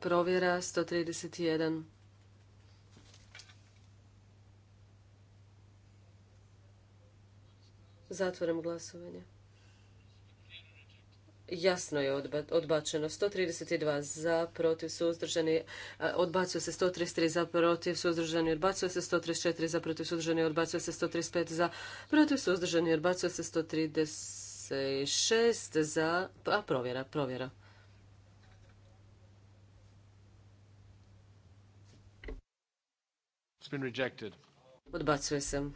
Provjera 131. Zatvoramo glasovanje jasno je odbačeno. 132 za, protiv, suzdržani, e, odbacuje se 133 za, protiv, suzdržani, odbacuje se 134 za, protiv, suzdržani, odbacuje se 135 za, protiv, suzdržani, pa, odbacuje se 136 za, a provjera, provjera. Odbacuje se.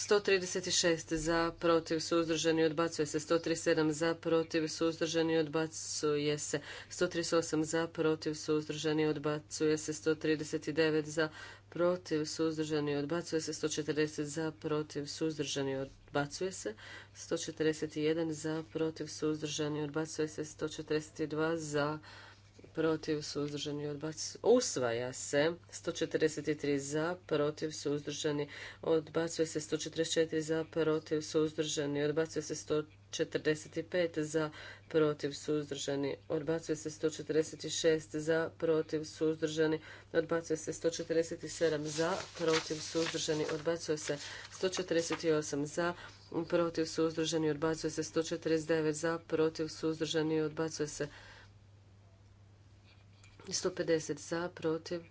136 za, protiv, suzdržani, odbacuje se. 137 za, protiv, suzdržani, odbacuje se. 138 za, protiv, suzdržani, odbacuje se. 139 za, protiv, suzdržani, odbacuje se. 140 za, protiv, suzdržani, odbacuje se. 141 za, protiv, suzdržani, odbacuje se. 142 za, protiv suzdržani odbac usvaja se 143 za protiv suzdržani odbacuje se 144 za protiv suzdržani odbacuje se 145 za protiv suzdržani odbacuje se 146 za protiv suzdržani odbacuje se 147 za protiv suzdržani odbacuje se 148 za protiv suzdržani odbacuje se 149 za protiv suzdržani odbacuje se 150 za, protiv,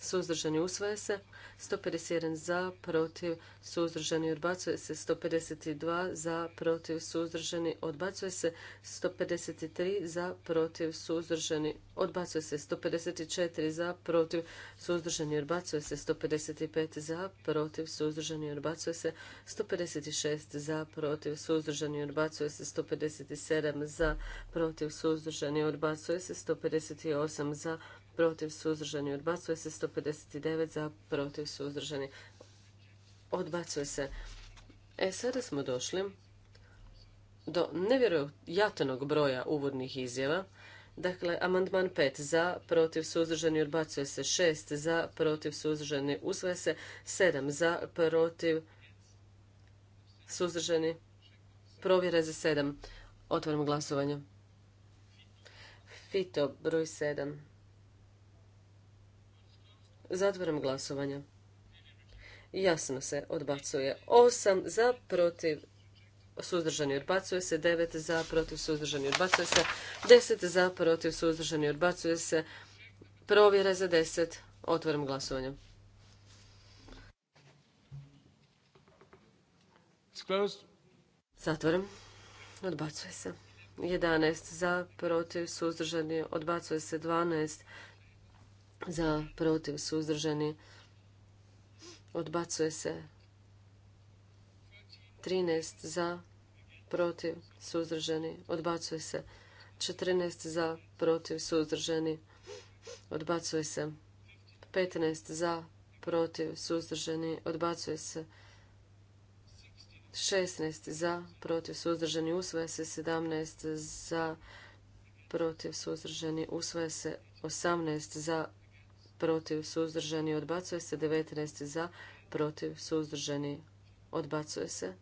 suzdržani usvaja se, 151 za, protiv, suzdržani odbacuje se, 152 za, protiv, suzdržani odbacuje se, 153 za, protiv, suzdržani odbacuje se, 154 za, protiv, suzdržani odbacuje se, 155 za, protiv, suzdržani odbacuje se, 156 za, protiv, suzdržani odbacuje se, 157 za, protiv, suzdržani odbacuje se, 158 za, protiv suzdržani odbacuje se 159 za protiv suzdržani odbacuje se e sada smo došli do nevjerojatnog broja uvodnih izjava Dakle, amandman 5 za, protiv suzdržani odbacuje se 6 za, protiv suzdržani usvaja se 7 za, protiv suzdržani provjera za 7. Otvorimo glasovanje. Fito broj 7. Zatvaram glasovanje. Jasno se odbacuje. Osam. za protiv suzdržani odbacuje se, 9 za protiv suzdržani odbacuje se, Deset. za protiv suzdržani odbacuje se, provjera za deset. otvaram glasovanje. Zatvaram. Odbacuje se. 11 za, protiv, suzdržani, odbacuje se 12 za protiv suzdržani odbacuje se 13 za protiv suzdržani odbacuje se 14 za protiv suzdržani odbacuje se 15 za protiv suzdržani odbacuje se 16 za protiv suzdržani usvaja se 17 za protiv suzdržani usvaja se 18 za protiv, suzdržani, odbacuje se. 19 za, protiv, suzdržani, odbacuje se.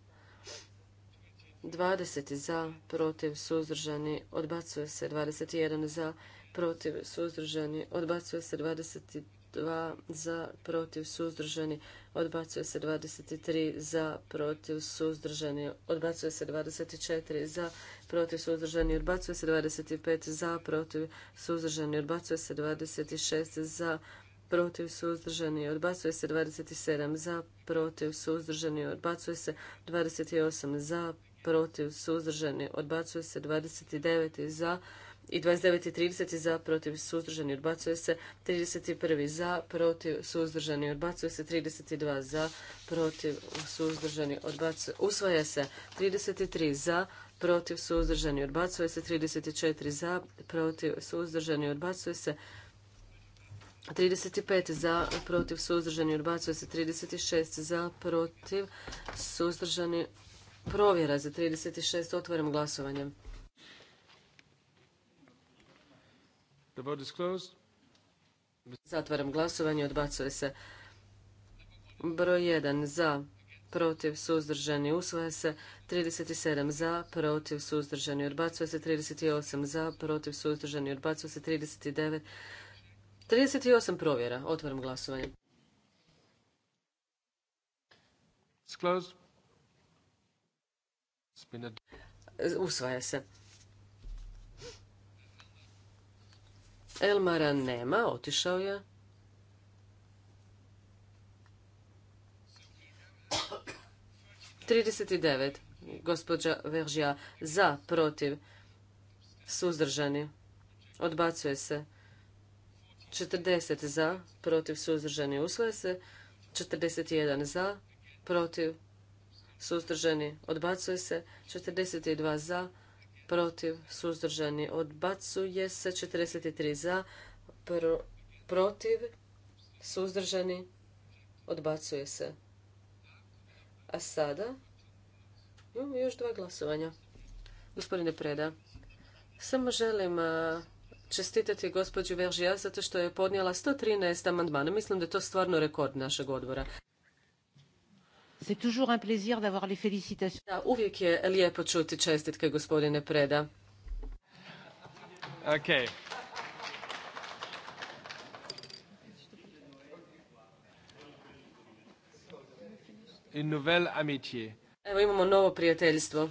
20 za, protiv, suzdržani, odbacuje se. 21 za, protiv, suzdržani, odbacuje se. 22 2 za, protiv, suzdržani, odbacuje se 23 za, protiv, suzdržani, odbacuje se 24 za, protiv, suzdržani, odbacuje se 25 za, protiv, suzdržani, odbacuje se 26 za, protiv, suzdržani, odbacuje se 27 za, protiv, suzdržani, odbacuje se 28 za, protiv, suzdržani, odbacuje se 29 za, i 29.30. za, protiv, suzdržani, odbacuje se. 31 za, protiv, suzdržani, odbacuje se. 32 za, protiv, suzdržani, odbacuje Usvaja se. 33 za, protiv, suzdržani, odbacuje se. 34 za, protiv, suzdržani, odbacuje se. 35 za, protiv, suzdržani, odbacuje se. 36 za, protiv, suzdržani, provjera za 36. Otvaram glasovanjem Zatvaram glasovanje, odbacuje se. Broj 1 za, protiv, suzdržani, usvaja se. 37 za, protiv, suzdržani, odbacuje se. 38 za, protiv, suzdržani, odbacuje se. 39. 38 provjera. Otvaram glasovanje. Usvaja se. Elmara nema, otišao je. Trideset devet gospođa Veržija za, protiv, suzdržani, odbacuje se. Četrdeset za, protiv, suzdržani, usvoje se. Četrdeset jedan za, protiv, suzdržani, odbacuje se. četrdeset dva za, protiv, suzdržani, odbacuje se. 43 za, protiv, suzdržani, odbacuje se. A sada imamo još dva glasovanja. Gospodine Preda, samo želim čestitati gospođu Veržija zato što je podnijela 113 amandmana. Mislim da je to stvarno rekord našeg odbora. C'est toujours un plaisir d'avoir les félicitations. Da, uvijek je lijepo čuti čestitke gospodine Preda. Ok. Une nouvelle amitié. Evo imamo novo prijateljstvo.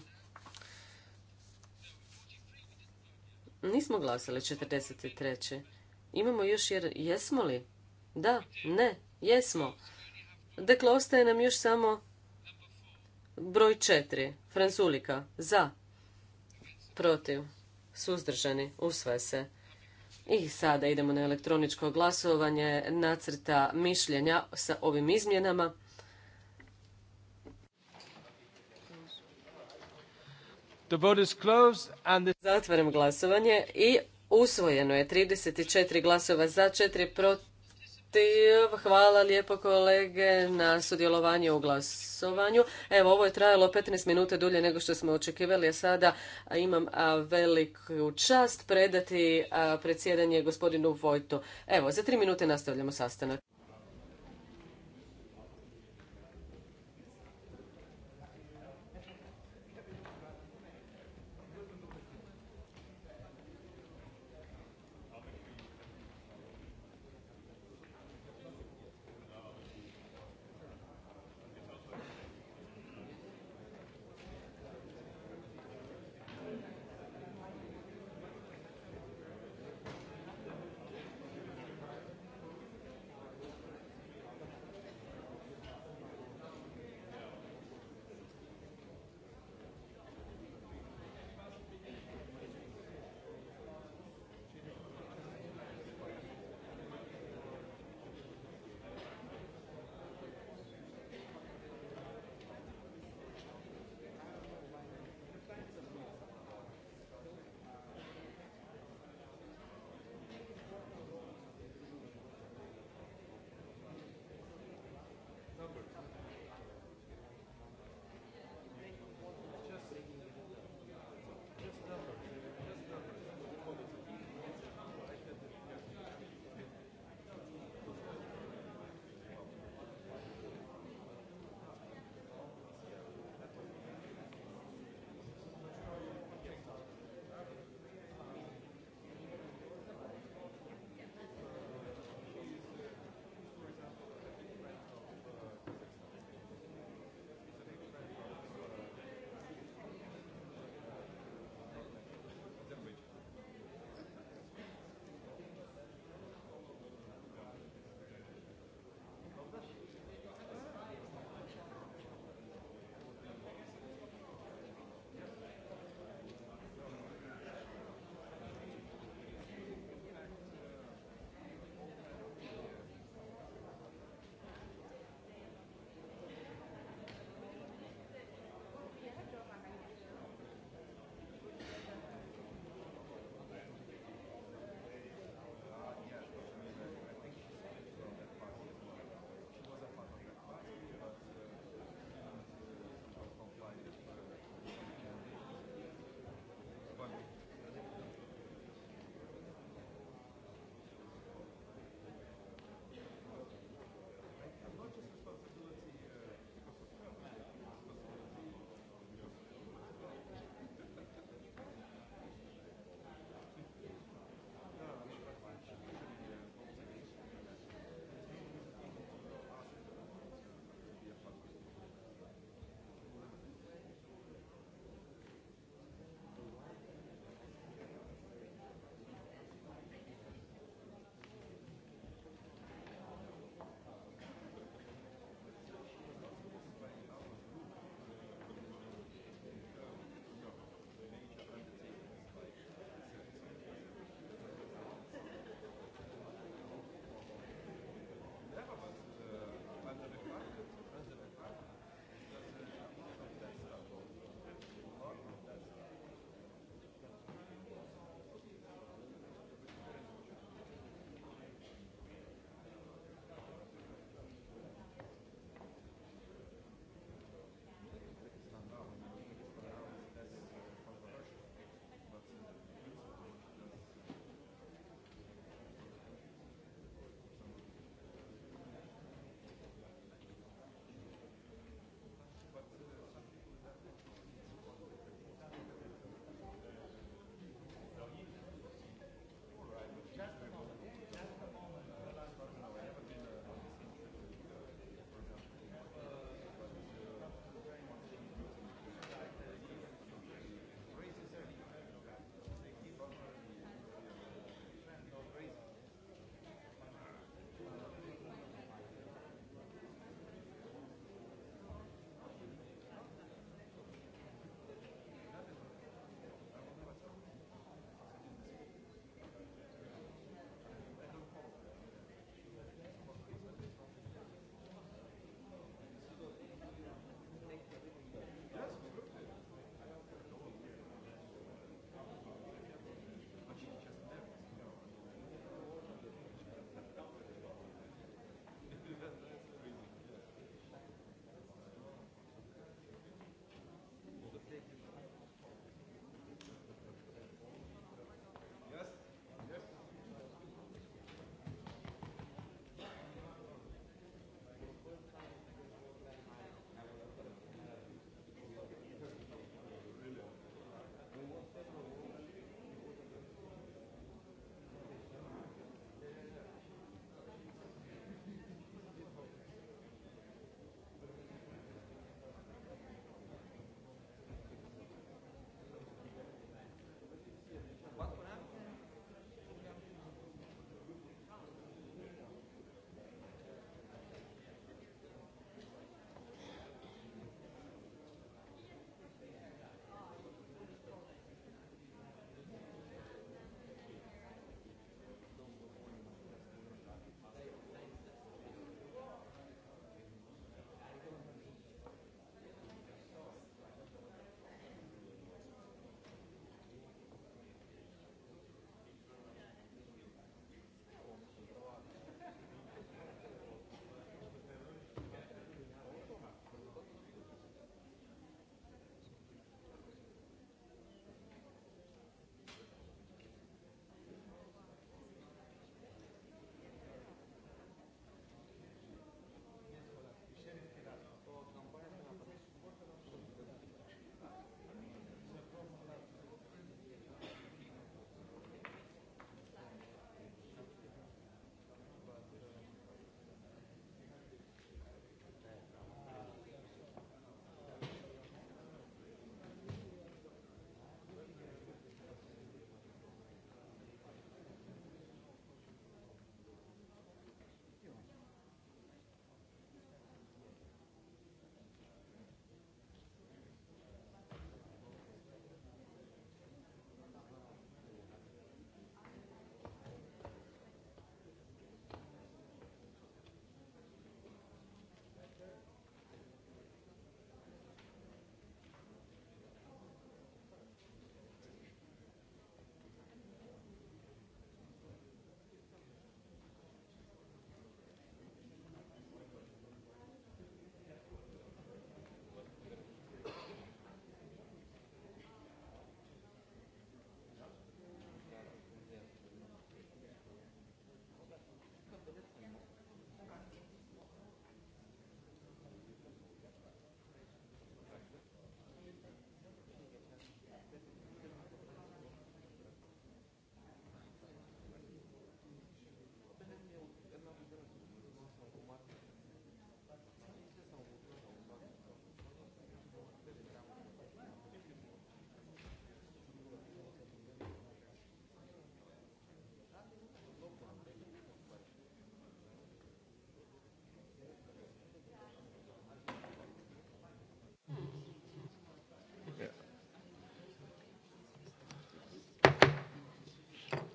Nismo glasali 43. Imamo još jer... Jesmo li? Da, ne, jesmo. Dakle, ostaje nam još samo broj četiri. Franculika, Za. Protiv. Suzdržani. usvaje se. I sada idemo na elektroničko glasovanje nacrta mišljenja sa ovim izmjenama. The and Zatvaram glasovanje i usvojeno je 34 glasova za, 4 protiv Hvala lijepo kolege na sudjelovanje u glasovanju. Evo, ovo je trajalo 15 minuta dulje nego što smo očekivali, a sada imam veliku čast predati predsjedanje gospodinu Vojtu. Evo, za tri minute nastavljamo sastanak.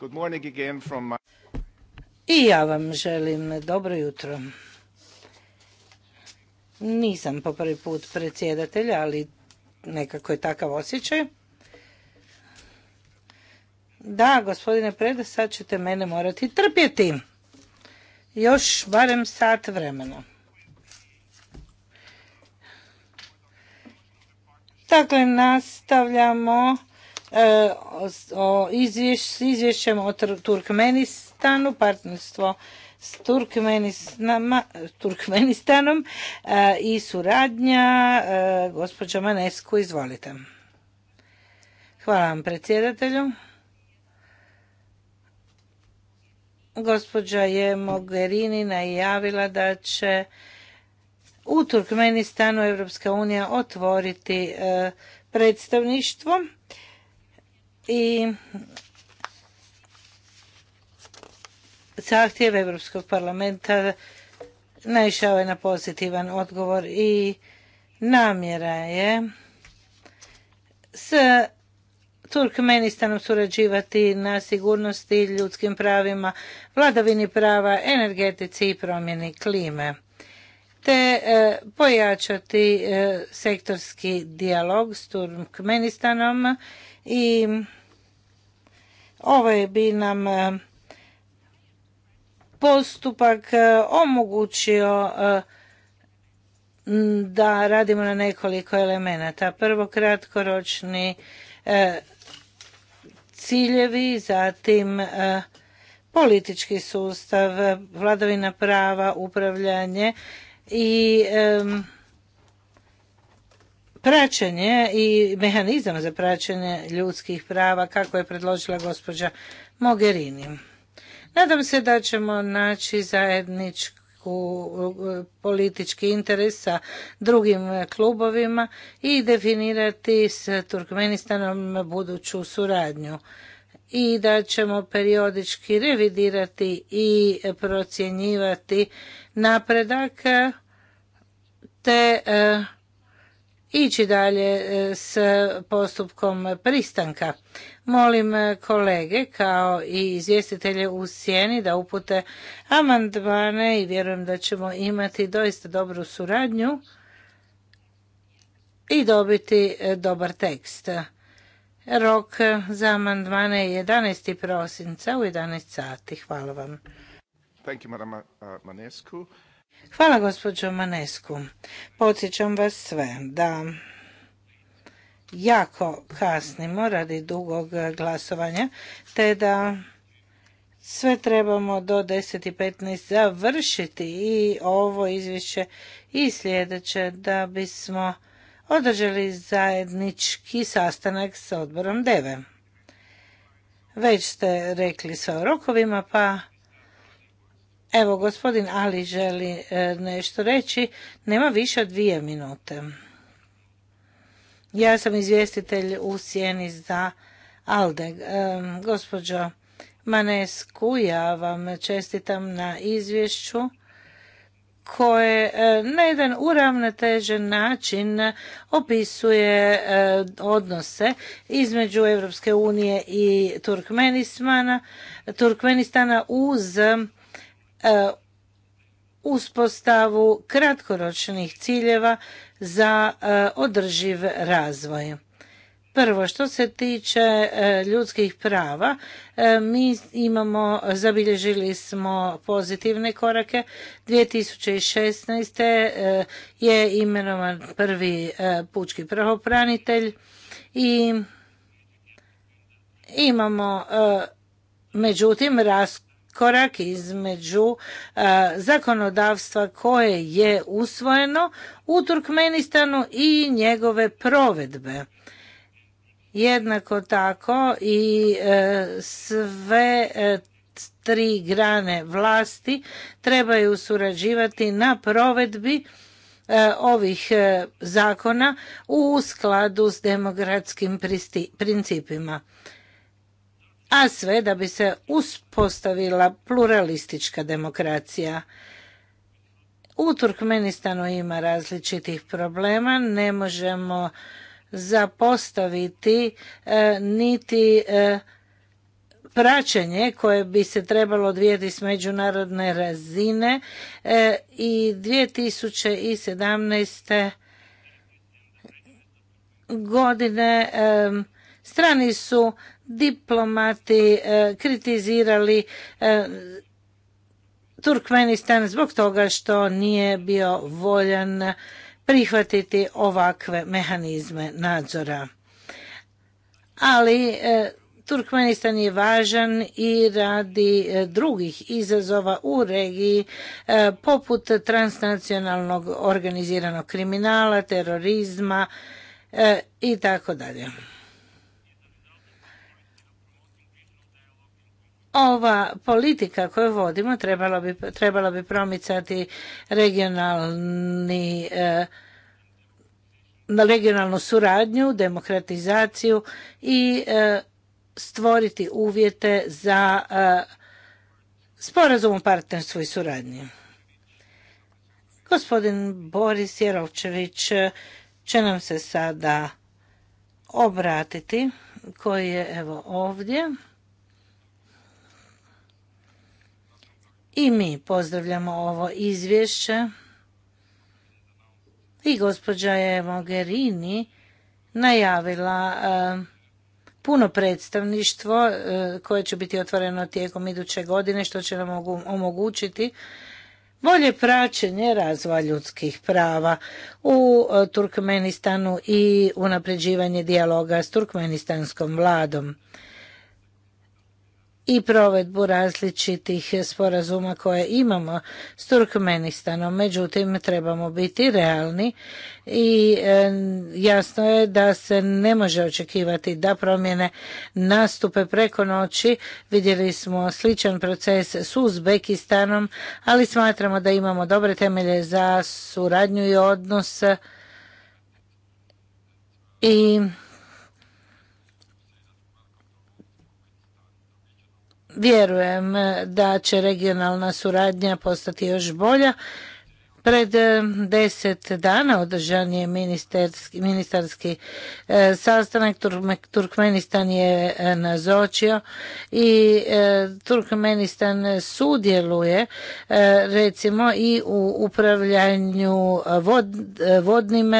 Good morning I ja vam želim dobro jutro. Nisam po prvi put predsjedatelj, ali nekako je takav osjećaj. Da, gospodine Preda, sad ćete mene morati trpjeti. Još barem sat vremena. Dakle, nastavljamo E, o s izvješćem o Turkmenistanu, partnerstvo s Turkmenistanom e, i suradnja. E, gospođa Manesku, izvolite. Hvala vam predsjedatelju. Gospođa je Mogherini najavila da će u Turkmenistanu Europska unija otvoriti predstavništvo i zahtjev Europskog parlamenta naišao je na pozitivan odgovor i namjera je s Turkmenistanom surađivati na sigurnosti, ljudskim pravima, vladavini prava, energetici i promjeni klime te e, pojačati e, sektorski dijalog s Turkmenistanom i ovaj bi nam e, postupak e, omogućio e, da radimo na nekoliko elemenata. Prvo kratkoročni ciljevi, zatim politički sustav, vladavina prava, upravljanje i praćenje i mehanizam za praćenje ljudskih prava kako je predložila gospođa Mogherini. Nadam se da ćemo naći zajedničku e, politički interes sa drugim klubovima i definirati s Turkmenistanom buduću suradnju i da ćemo periodički revidirati i procjenjivati napredak te e, ići dalje e, s postupkom pristanka. Molim e, kolege kao i izvjestitelje u sjeni da upute amandmane i vjerujem da ćemo imati doista dobru suradnju i dobiti e, dobar tekst. Rok za amandmane je 11. prosinca u 11 sati. Hvala vam. Thank uh, Manescu. Hvala gospođo Manesku. Podsjećam vas sve da jako kasnimo radi dugog glasovanja, te da sve trebamo do 10.15 završiti i ovo izvješće i sljedeće da bismo održali zajednički sastanak sa odborom DEVE. Već ste rekli sve o rokovima, pa Evo, gospodin Ali želi e, nešto reći. Nema više od dvije minute. Ja sam izvjestitelj u sjeni za Alde. E, gospođo Manesku, ja vam čestitam na izvješću koje e, na jedan uravnotežen način opisuje odnose između Europske unije i Turkmenistana, Turkmenistana uz E, uspostavu kratkoročnih ciljeva za e, održiv razvoj. Prvo, što se tiče e, ljudskih prava, mi imamo, zabilježili smo pozitivne korake. 2016. je imenovan prvi pučki pravopranitelj i imamo međutim rast korak između zakonodavstva koje je usvojeno u Turkmenistanu i njegove provedbe. Jednako tako i e, sve e, tri grane vlasti trebaju surađivati na provedbi e, ovih zakona u skladu s demokratskim principima a sve da bi se uspostavila pluralistička demokracija. U Turkmenistanu ima različitih problema, ne možemo zapostaviti e, niti e, praćenje koje bi se trebalo odvijeti s međunarodne razine e, i 2017. godine strani su diplomati e, kritizirali e, Turkmenistan zbog toga što nije bio voljan prihvatiti ovakve mehanizme nadzora. Ali e, Turkmenistan je važan i radi drugih izazova u regiji poput transnacionalnog organiziranog kriminala, terorizma i tako dalje. ova politika koju vodimo trebala bi, trebala bi promicati regionalni e, na regionalnu suradnju, demokratizaciju i e, stvoriti uvjete za e, sporazum o partnerstvu i suradnji. Gospodin Boris Jerovčević e, će nam se sada obratiti, koji je evo ovdje. I mi pozdravljamo ovo izvješće. I gospođa je Mogherini najavila e, puno predstavništvo e, koje će biti otvoreno tijekom iduće godine što će nam omogućiti bolje praćenje razvoja ljudskih prava u e, Turkmenistanu i unapređivanje dijaloga s turkmenistanskom vladom i provedbu različitih sporazuma koje imamo s Turkmenistanom. Međutim, trebamo biti realni i e, jasno je da se ne može očekivati da promjene nastupe preko noći. Vidjeli smo sličan proces s Uzbekistanom, ali smatramo da imamo dobre temelje za suradnju i odnos i Vjerujem da će regionalna suradnja postati još bolja Pred eh, deset dana održan je ministarski eh, sastanak, Turkmenistan je eh, nazočio i Turkmenistan sudjeluje recimo i u upravljanju vodnim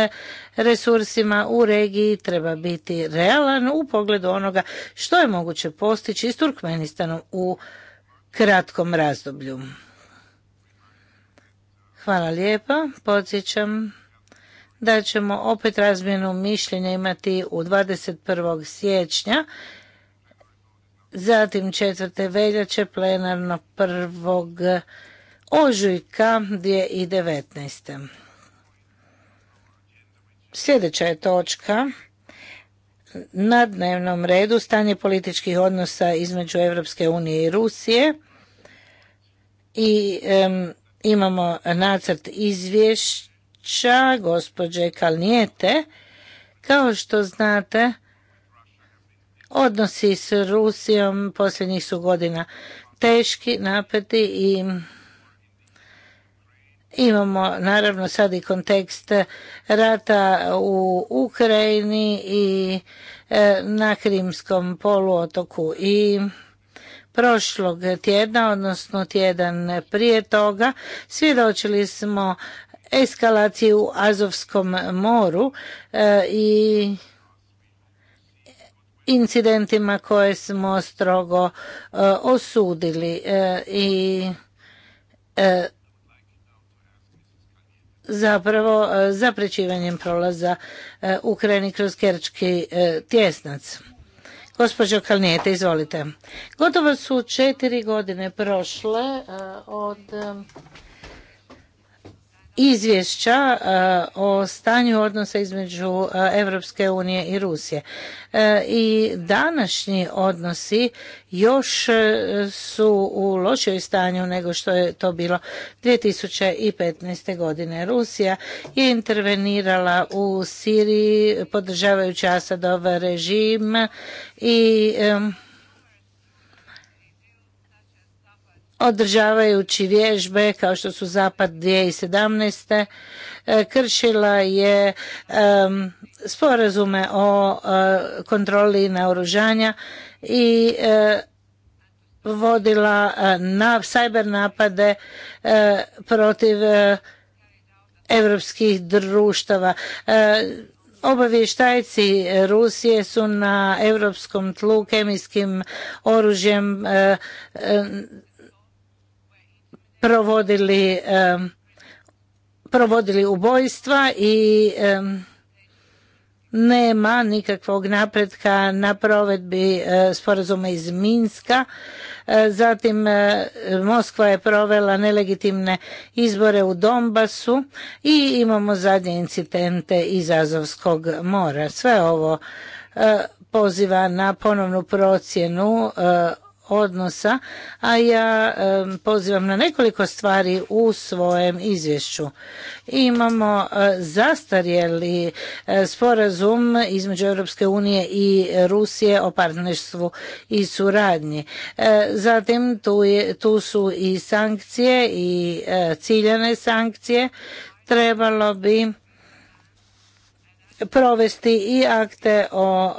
resursima u regiji treba biti realan u pogledu onoga što je moguće postići s Turkmenistanom u kratkom razdoblju. Hvala lijepa. Podsjećam da ćemo opet razmjenu mišljenja imati u 21. siječnja, zatim 4. veljače plenarno 1. ožujka 2019. Sljedeća je točka na dnevnom redu stanje političkih odnosa između Europske unije i Rusije i Imamo nacrt izvješća gospođe Kalnijete. Kao što znate, odnosi s Rusijom posljednjih su godina teški, napeti i imamo naravno sad i kontekst rata u Ukrajini i e, na Krimskom poluotoku i prošlog tjedna, odnosno tjedan prije toga, svjedočili smo eskalaciju u Azovskom moru e, i incidentima koje smo strogo e, osudili e, i zapravo zaprećivanjem prolaza Ukrajini kroz Kerčki tjesnac. Gospođo Kalnijete, izvolite. Gotovo su četiri godine prošle eh, od eh, izvješća e, o stanju odnosa između Europske unije i Rusije. E, I današnji odnosi još e, su u lošoj stanju nego što je to bilo 2015. godine. Rusija je intervenirala u Siriji podržavajući Asadov režim i održavajući vježbe kao što su Zapad 2017. E, kršila je sporazume o kontroli e, kontroli naoružanja i e, vodila na sajber napade protiv europskih društava. Obavještajci Rusije su na evropskom tlu kemijskim oružjem provodili, provodili ubojstva i nema nikakvog napretka na provedbi e, sporazuma iz Minska. E, zatim e, Moskva je provela nelegitimne izbore u Donbasu i imamo zadnje incidente iz Azovskog mora. Sve ovo poziva na ponovnu procjenu odnosa, a ja pozivam na nekoliko stvari u svojem izvješću. Imamo e, zastarjeli e, sporazum između Europske unije i Rusije o partnerstvu i suradnji. E, zatim tu, je, tu su i sankcije i ciljane sankcije. Trebalo bi provesti i akte o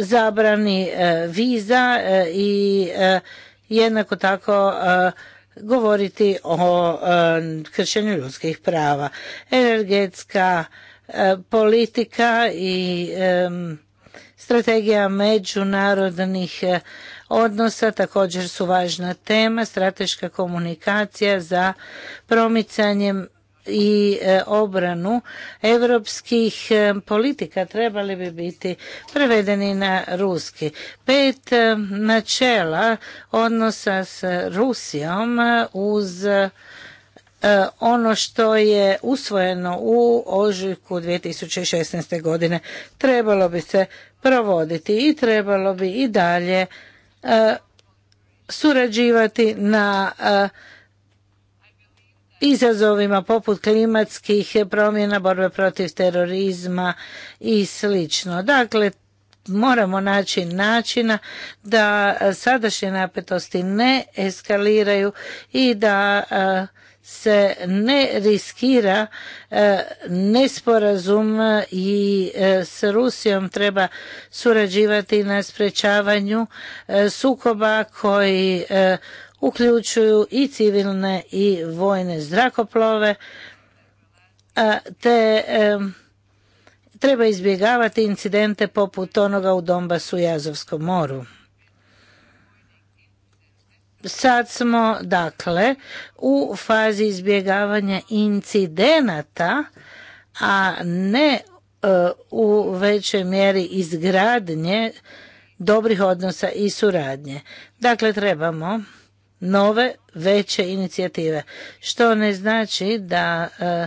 zabrani e, viza e, i e, jednako tako govoriti o kršenju ljudskih prava. Energetska politika i strategija međunarodnih odnosa također su važna tema, strateška komunikacija za promicanjem i e, obranu europskih e, politika trebali bi biti prevedeni na ruski. Pet e, načela odnosa s Rusijom uz ono što je usvojeno u ožujku 2016. godine trebalo bi se provoditi i trebalo bi i dalje surađivati na izazovima poput klimatskih promjena, borbe protiv terorizma i sl. Dakle, moramo naći načina da sadašnje napetosti ne eskaliraju i da se ne riskira nesporazum i s Rusijom treba surađivati na sprečavanju sukoba koji uključuju i civilne i vojne zrakoplove, te treba izbjegavati incidente poput onoga u Donbasu i Azovskom moru. Sad smo dakle u fazi izbjegavanja incidenata, a ne e, u većoj mjeri izgradnje dobrih odnosa i suradnje. Dakle trebamo nove veće inicijative što ne znači da e,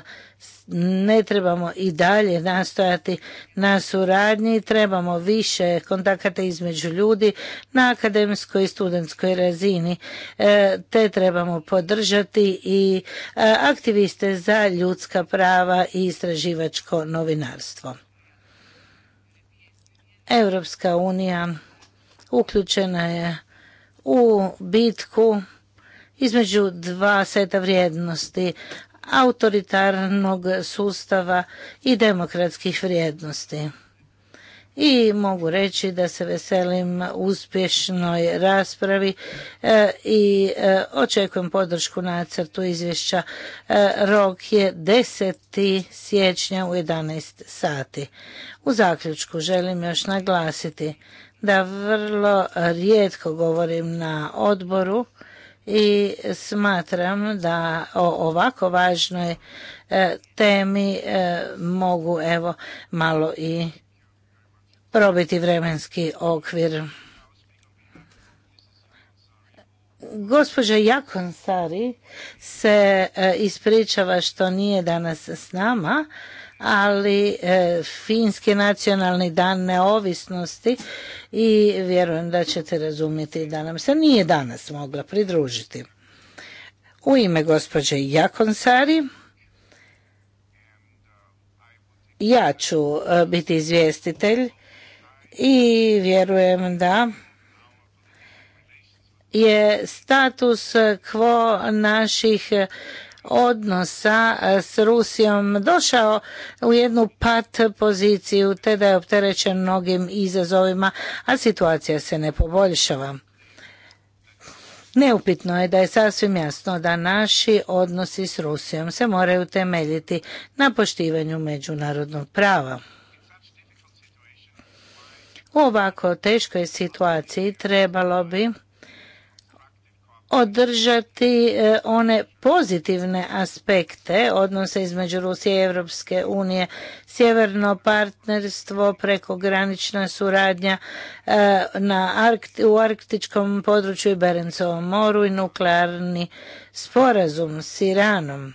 ne trebamo i dalje nastojati na suradnji, trebamo više kontakata između ljudi na akademskoj i studentskoj razini, e, te trebamo podržati i e, aktiviste za ljudska prava i istraživačko novinarstvo. Europska unija uključena je u bitku između dva seta vrijednosti, autoritarnog sustava i demokratskih vrijednosti. I mogu reći da se veselim uspješnoj raspravi e, i e, očekujem podršku nacrtu izvješća. E, rok je 10. siječnja u 11 sati. U zaključku želim još naglasiti da vrlo rijetko govorim na odboru i smatram da o ovako važnoj e, temi e, mogu evo malo i probiti vremenski okvir. Gospođa Jakonsari se e, ispričava što nije danas s nama, ali e, finski nacionalni dan neovisnosti i vjerujem da ćete razumjeti da nam se nije danas mogla pridružiti. U ime gospođe Jakonsari ja ću e, biti izvjestitelj i vjerujem da je status quo naših odnosa e, s Rusijom došao u jednu pat poziciju te da je opterećen mnogim izazovima, a situacija se ne poboljšava. Neupitno je da je sasvim jasno da naši odnosi s Rusijom se moraju temeljiti na poštivanju međunarodnog prava. U ovako teškoj situaciji trebalo bi održati e, one pozitivne aspekte odnose između Rusije i Europske unije, sjeverno partnerstvo, prekogranična suradnja e, na u arktičkom području i Berencovom moru i nuklearni sporazum s Iranom.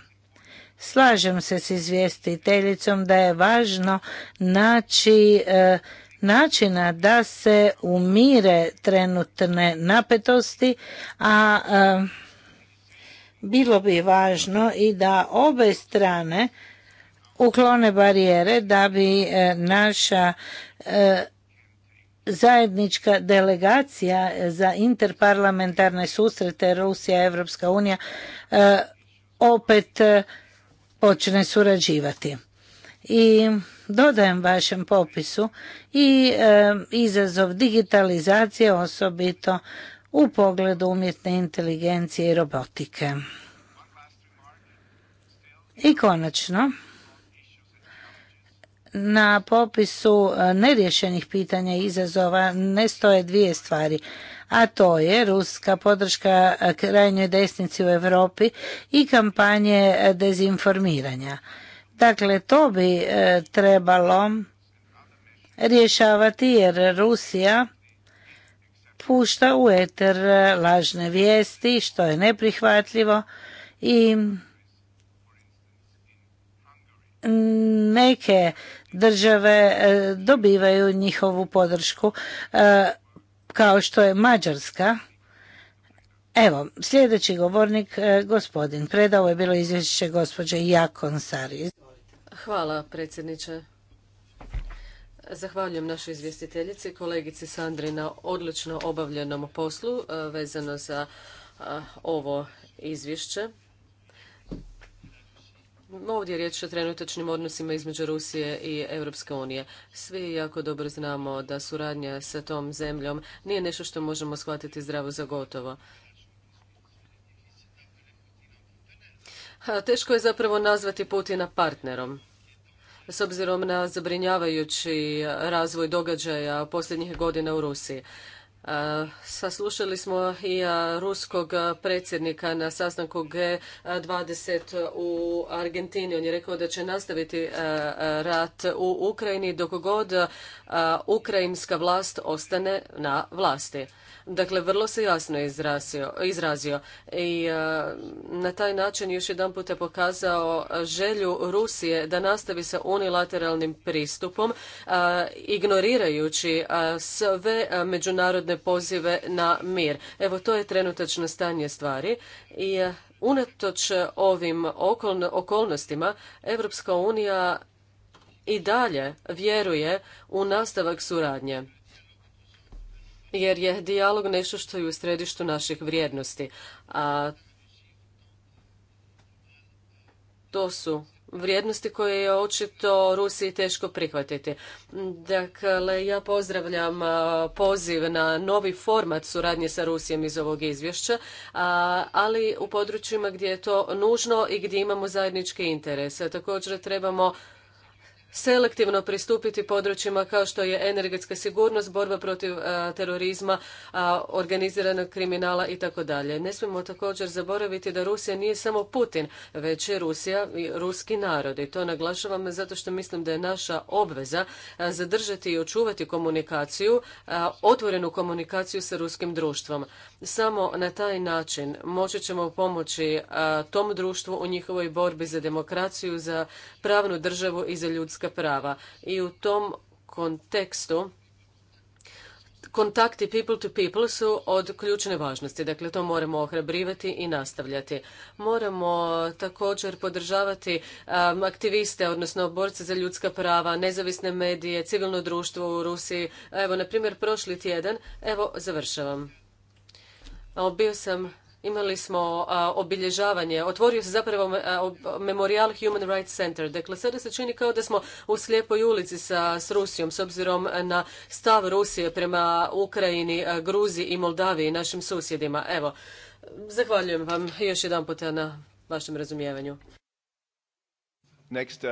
Slažem se s izvjestiteljicom da je važno naći e, načina da se umire trenutne napetosti, a bilo bi važno i da obe strane uklone barijere da bi e, naša e, zajednička delegacija za interparlamentarne susrete Rusija i Evropska unija e, opet počne surađivati. I dodajem vašem popisu i e, izazov digitalizacije osobito u pogledu umjetne inteligencije i robotike. I konačno, na popisu e, neriješenih pitanja i izazova ne stoje dvije stvari, a to je ruska podrška e, krajnjoj desnici u Europi i kampanje dezinformiranja. Dakle, to bi e, trebalo rješavati jer Rusija pušta u eter e, lažne vijesti što je neprihvatljivo i neke države e, dobivaju njihovu podršku kao što je Mađarska. Evo, sljedeći govornik, gospodin Predao, je bilo izvješće gospođe Jakon Sarijs. Hvala predsjedniče. Zahvaljujem našoj izvjestiteljici, kolegici Sandri na odlično obavljenom poslu e, vezano za e, ovo izvješće. Ovdje je riječ o trenutačnim odnosima između Rusije i Europske unije. Svi jako dobro znamo da suradnja sa tom zemljom nije nešto što možemo shvatiti zdravo za gotovo. Teško je zapravo nazvati Putina partnerom s obzirom na zabrinjavajući razvoj događaja posljednjih godina u Rusiji. Saslušali smo i ruskog predsjednika na sastanku G20 u Argentini. On je rekao da će nastaviti rat u Ukrajini dok god ukrajinska vlast ostane na vlasti. Dakle, vrlo se jasno izrazio, izrazio. i na taj način još jedan je pokazao želju Rusije da nastavi sa unilateralnim pristupom, ignorirajući sve međunarodne pozive na mir. Evo, to je trenutačno stanje stvari i e, unatoč ovim okolnostima Europska unija i dalje vjeruje u nastavak suradnje jer je dijalog nešto što je u središtu naših vrijednosti, a to su vrijednosti koje je očito Rusiji teško prihvatiti. Dakle, ja pozdravljam poziv na novi format suradnje sa Rusijom iz ovog izvješća, ali u područjima gdje je to nužno i gdje imamo zajedničke interese. Također trebamo selektivno pristupiti područjima kao što je energetska sigurnost, borba protiv e, terorizma, e, organiziranog kriminala i tako dalje. Ne smijemo također zaboraviti da Rusija nije samo Putin, već je Rusija i ruski narod. I to naglašavam zato što mislim da je naša obveza e, zadržati i očuvati komunikaciju, otvorenu komunikaciju sa ruskim društvom. Samo na taj način moći ćemo pomoći tom društvu u njihovoj borbi za demokraciju, za pravnu državu i za ljudsku ljudska prava i u tom kontekstu kontakti people to people su od ključne važnosti. Dakle, to moramo ohrabrivati i nastavljati. Moramo također podržavati um, aktiviste, odnosno borce za ljudska prava, nezavisne medije, civilno društvo u Rusiji. Evo, na primjer, prošli tjedan, evo, završavam. Bio sam imali smo obilježavanje. Otvorio se zapravo Memorial Human Rights Center. Dakle, sada se čini kao da smo u slijepoj ulici sa, s Rusijom, s obzirom na stav Rusije prema Ukrajini, a, Gruziji i Moldaviji, našim susjedima. Evo, zahvaljujem vam još jedan na vašem razumijevanju. Next, uh,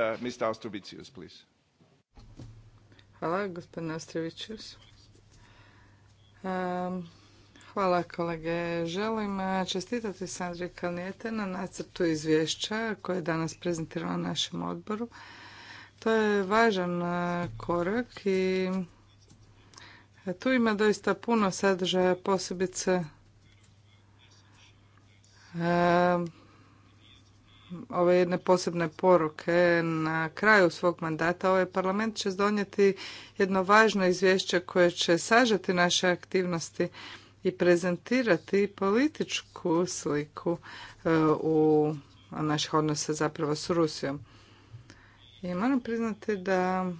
Hvala kolege. Želim e, čestitati Sandri Kalnijete na nacrtu izvješća koje je danas prezentirano na našem odboru. To je važan e, korak i e, tu ima doista puno sadržaja, posebice ove jedne posebne poruke. Na kraju svog mandata ovaj parlament će donijeti jedno važno izvješće koje će sažeti naše aktivnosti i prezentirati političku sliku e, u naših odnosa zapravo s Rusijom. I moram priznati da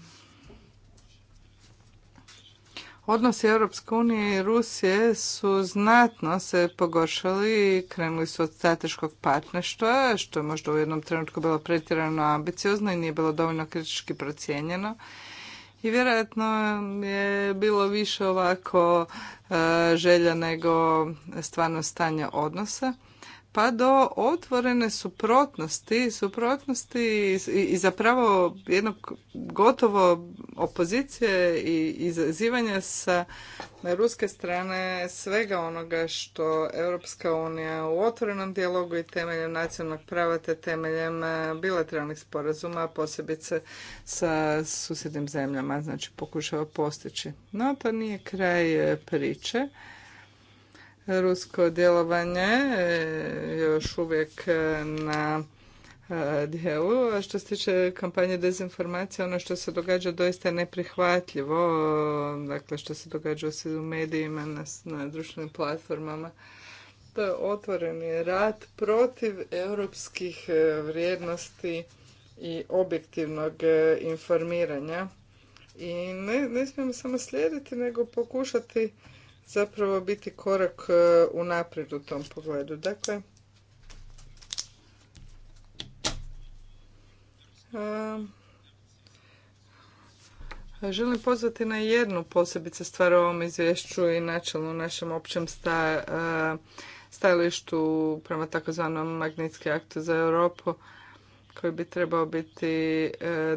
odnosi Europske unije i Rusije su znatno se pogoršali i krenuli su od strateškog partnerstva, što je možda u jednom trenutku bilo pretjerano ambiciozno i nije bilo dovoljno kritički procijenjeno i vjerojatno je bilo više ovako e, želja nego stvarno stanje odnosa pa do otvorene suprotnosti, suprotnosti i, i zapravo jednog gotovo opozicije i izazivanja sa ruske strane svega onoga što Europska unija u otvorenom dijalogu i temeljem nacionalnog prava te temeljem e, bilateralnih sporazuma, posebice sa susjednim zemljama, znači pokušava postići. No, to nije kraj e, priče rusko djelovanje još uvijek na e, dijelu. A što se tiče kampanje dezinformacije, ono što se događa doista je neprihvatljivo. Dakle, što se događa u medijima, na, na društvenim platformama. To je otvoreni rat protiv europskih e, vrijednosti i objektivnog e, informiranja. I ne, ne smijemo samo slijediti, nego pokušati zapravo biti korak e, unaprijed u tom pogledu. Dakle, e, Želim pozvati na jednu posebice stvar u ovom izvješću i načelno u našem općem e, stajalištu prema takozvanom magnetski aktu za Europu koji bi trebao biti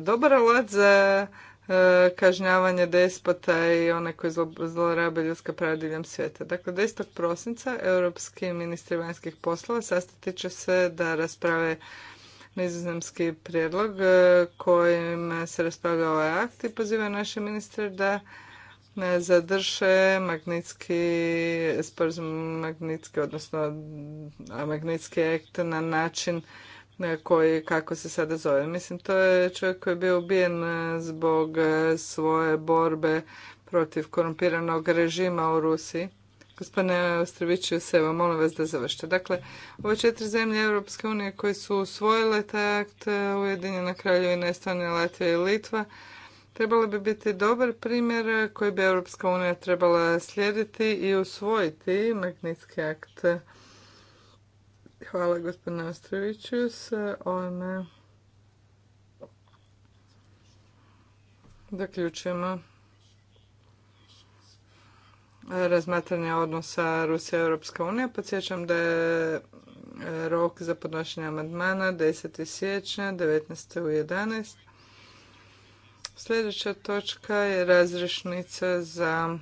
dobar alat za E, kažnjavanje despota i one koji zlorabe ljudska prava diljem svijeta. Dakle, 10. prosinca europski ministri vanjskih poslova sastati će se da rasprave nizozemski prijedlog e, kojim se raspravlja ovaj akt i poziva naše ministre da e, zadrže magnitski sporazum magnitski, odnosno magnitski akt na način E, koji, kako se sada zove. Mislim, to je čovjek koji je bio ubijen e, zbog e, svoje borbe protiv korumpiranog režima u Rusiji. Gospodine se vam molim vas da završite. Dakle, ove četiri zemlje Europske unije koje su usvojile taj akt Ujedinjena kraljevina Estonija, Latvija i Litva, trebalo bi biti dobar primjer koji bi Europska unija trebala slijediti i usvojiti Magnitski akt Hvala gospodine Ostroviću. S ovime zaključujemo razmatranje odnosa Rusija i Europska unija. Podsjećam da je rok za podnošenje amandmana 10. siječnja 19. u 11. Sljedeća točka je razrešnica za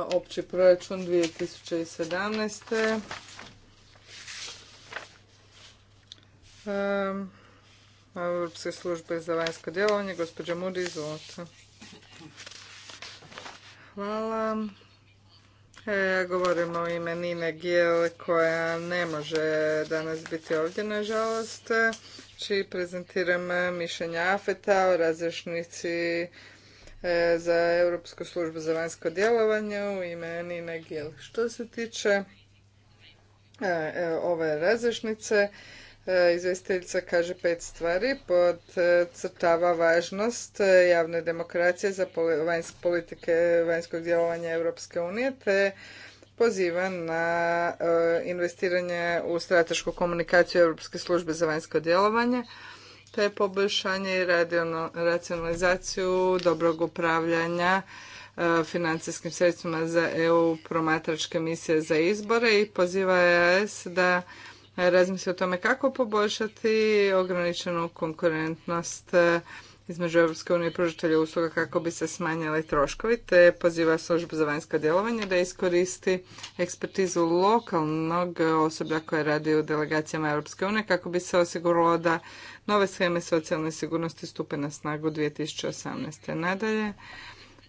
opći proračun 2017. Europske službe za vanjsko djelovanje, gospođa Mudi, izvolite. Hvala. E, ja govorim o ime Nine Gijel koja ne može danas biti ovdje, nažalost. Či znači, prezentiram mišljenja AFETA o razrešnici E, za Europsku službu za vanjsko djelovanje u ime Nina Gil. Što se tiče e, e, ove razrešnice, izvjestiteljica kaže pet stvari. Podcrtava važnost javne demokracije za politike vanjskog djelovanja Europske unije te poziva na investiranje u stratešku komunikaciju Europske službe za vanjsko djelovanje te poboljšanje i racionalizaciju dobrog upravljanja e, financijskim sredstvima za EU promatračke misije za izbore i poziva EAS da razmisli o tome kako poboljšati ograničenu konkurentnost e, između Europske i pružatelja usluga kako bi se smanjili troškovi, te poziva službu za vanjsko djelovanje da iskoristi ekspertizu lokalnog osoblja koje radi u delegacijama Europske unije kako bi se osiguralo da Nove scheme socijalne sigurnosti stupe na snagu 2018. Nadalje,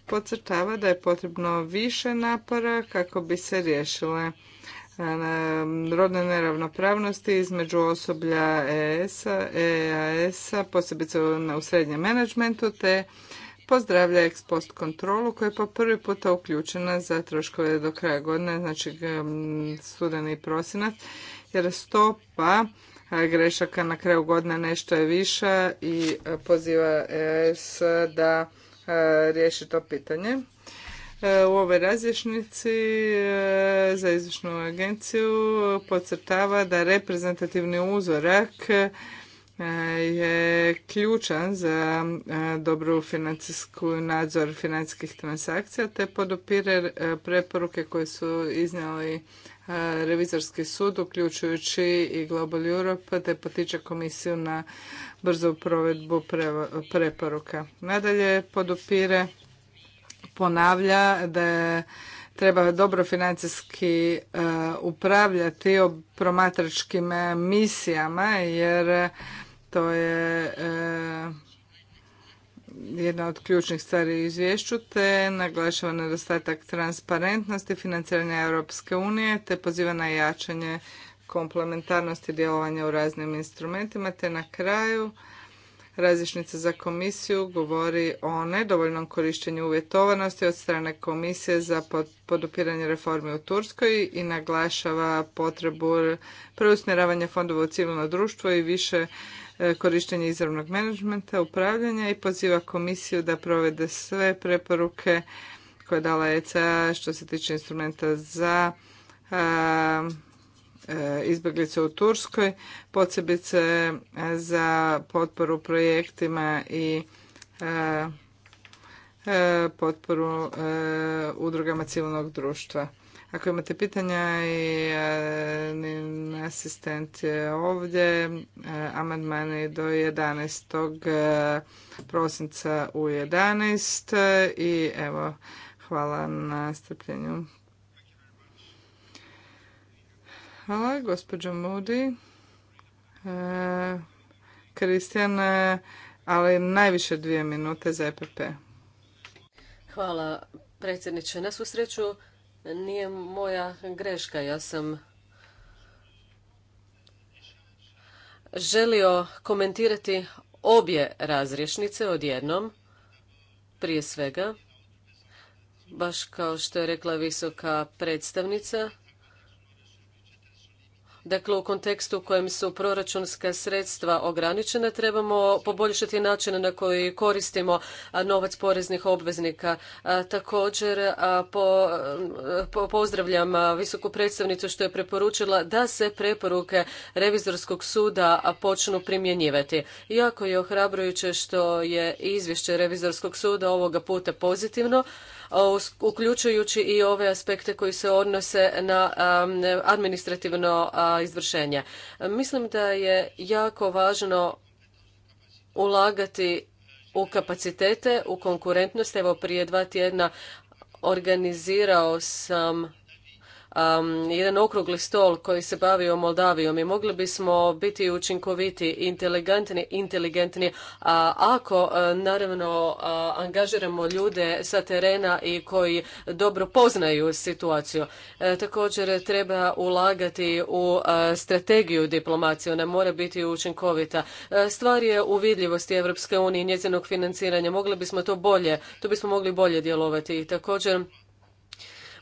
podcrtava da je potrebno više napora kako bi se riješile eh, rodne neravnopravnosti između osoblja EAS-a, EAS posebice u srednjem menadžmentu, te pozdravlja ex post kontrolu koja je po prvi puta uključena za troškove do kraja godine, znači studeni i prosinac, jer stopa grešaka na kraju godine nešto je viša i poziva se da e, riješi to pitanje. E, u ovoj razješnici e, za izvršnu agenciju podcrtava da reprezentativni uzorak je ključan za dobru financijsku nadzor financijskih transakcija te podupire preporuke koje su iznijeli E, revizorski sud, uključujući i Global Europe, te potiče komisiju na brzu provedbu preporuka. Nadalje podupire, ponavlja da treba dobro financijski e, upravljati promatračkim misijama jer to je e, jedna od ključnih stvari u izvješću, te naglašava nedostatak transparentnosti financiranja Europske unije, te poziva na jačanje komplementarnosti djelovanja u raznim instrumentima, te na kraju različnica za komisiju govori o nedovoljnom korištenju uvjetovanosti od strane komisije za podupiranje reformi u Turskoj i naglašava potrebu preusmjeravanja fondova u civilno društvo i više E, korištenje izravnog menadžmenta, upravljanja i poziva komisiju da provede sve preporuke koje je dala ECA što se tiče instrumenta za e, izbjeglice u Turskoj, posebice za potporu projektima i e, potporu udrugama civilnog društva. Ako imate pitanja i e, asistent je ovdje, je do 11. E, prosinca u 11. E, I evo, hvala na strpljenju. Hvala, gospođo Moody. Kristijan, ali najviše dvije minute za EPP. Hvala, predsjedniče. Na svu sreću, nije moja greška. Ja sam želio komentirati obje razrješnice odjednom, prije svega, baš kao što je rekla visoka predstavnica. Dakle, u kontekstu u kojem su proračunska sredstva ograničena, trebamo poboljšati način na koji koristimo novac poreznih obveznika. Također, po, pozdravljam visoku predstavnicu što je preporučila da se preporuke revizorskog suda počnu primjenjivati. Jako je ohrabrujuće što je izvješće revizorskog suda ovoga puta pozitivno, uključujući i ove aspekte koji se odnose na administrativno izvršenje. Mislim da je jako važno ulagati u kapacitete, u konkurentnost. Evo prije dva tjedna organizirao sam jedan okrugli stol koji se bavio Moldavijom i mogli bismo biti učinkoviti, inteligentni, inteligentni a ako e, naravno angažiramo ljude sa terena i koji dobro poznaju situaciju. E, također treba ulagati u e, strategiju diplomacije, ona mora biti učinkovita. stvar je u vidljivosti Europske unije i njezinog financiranja. Mogli bismo to bolje, to bismo mogli bolje djelovati i također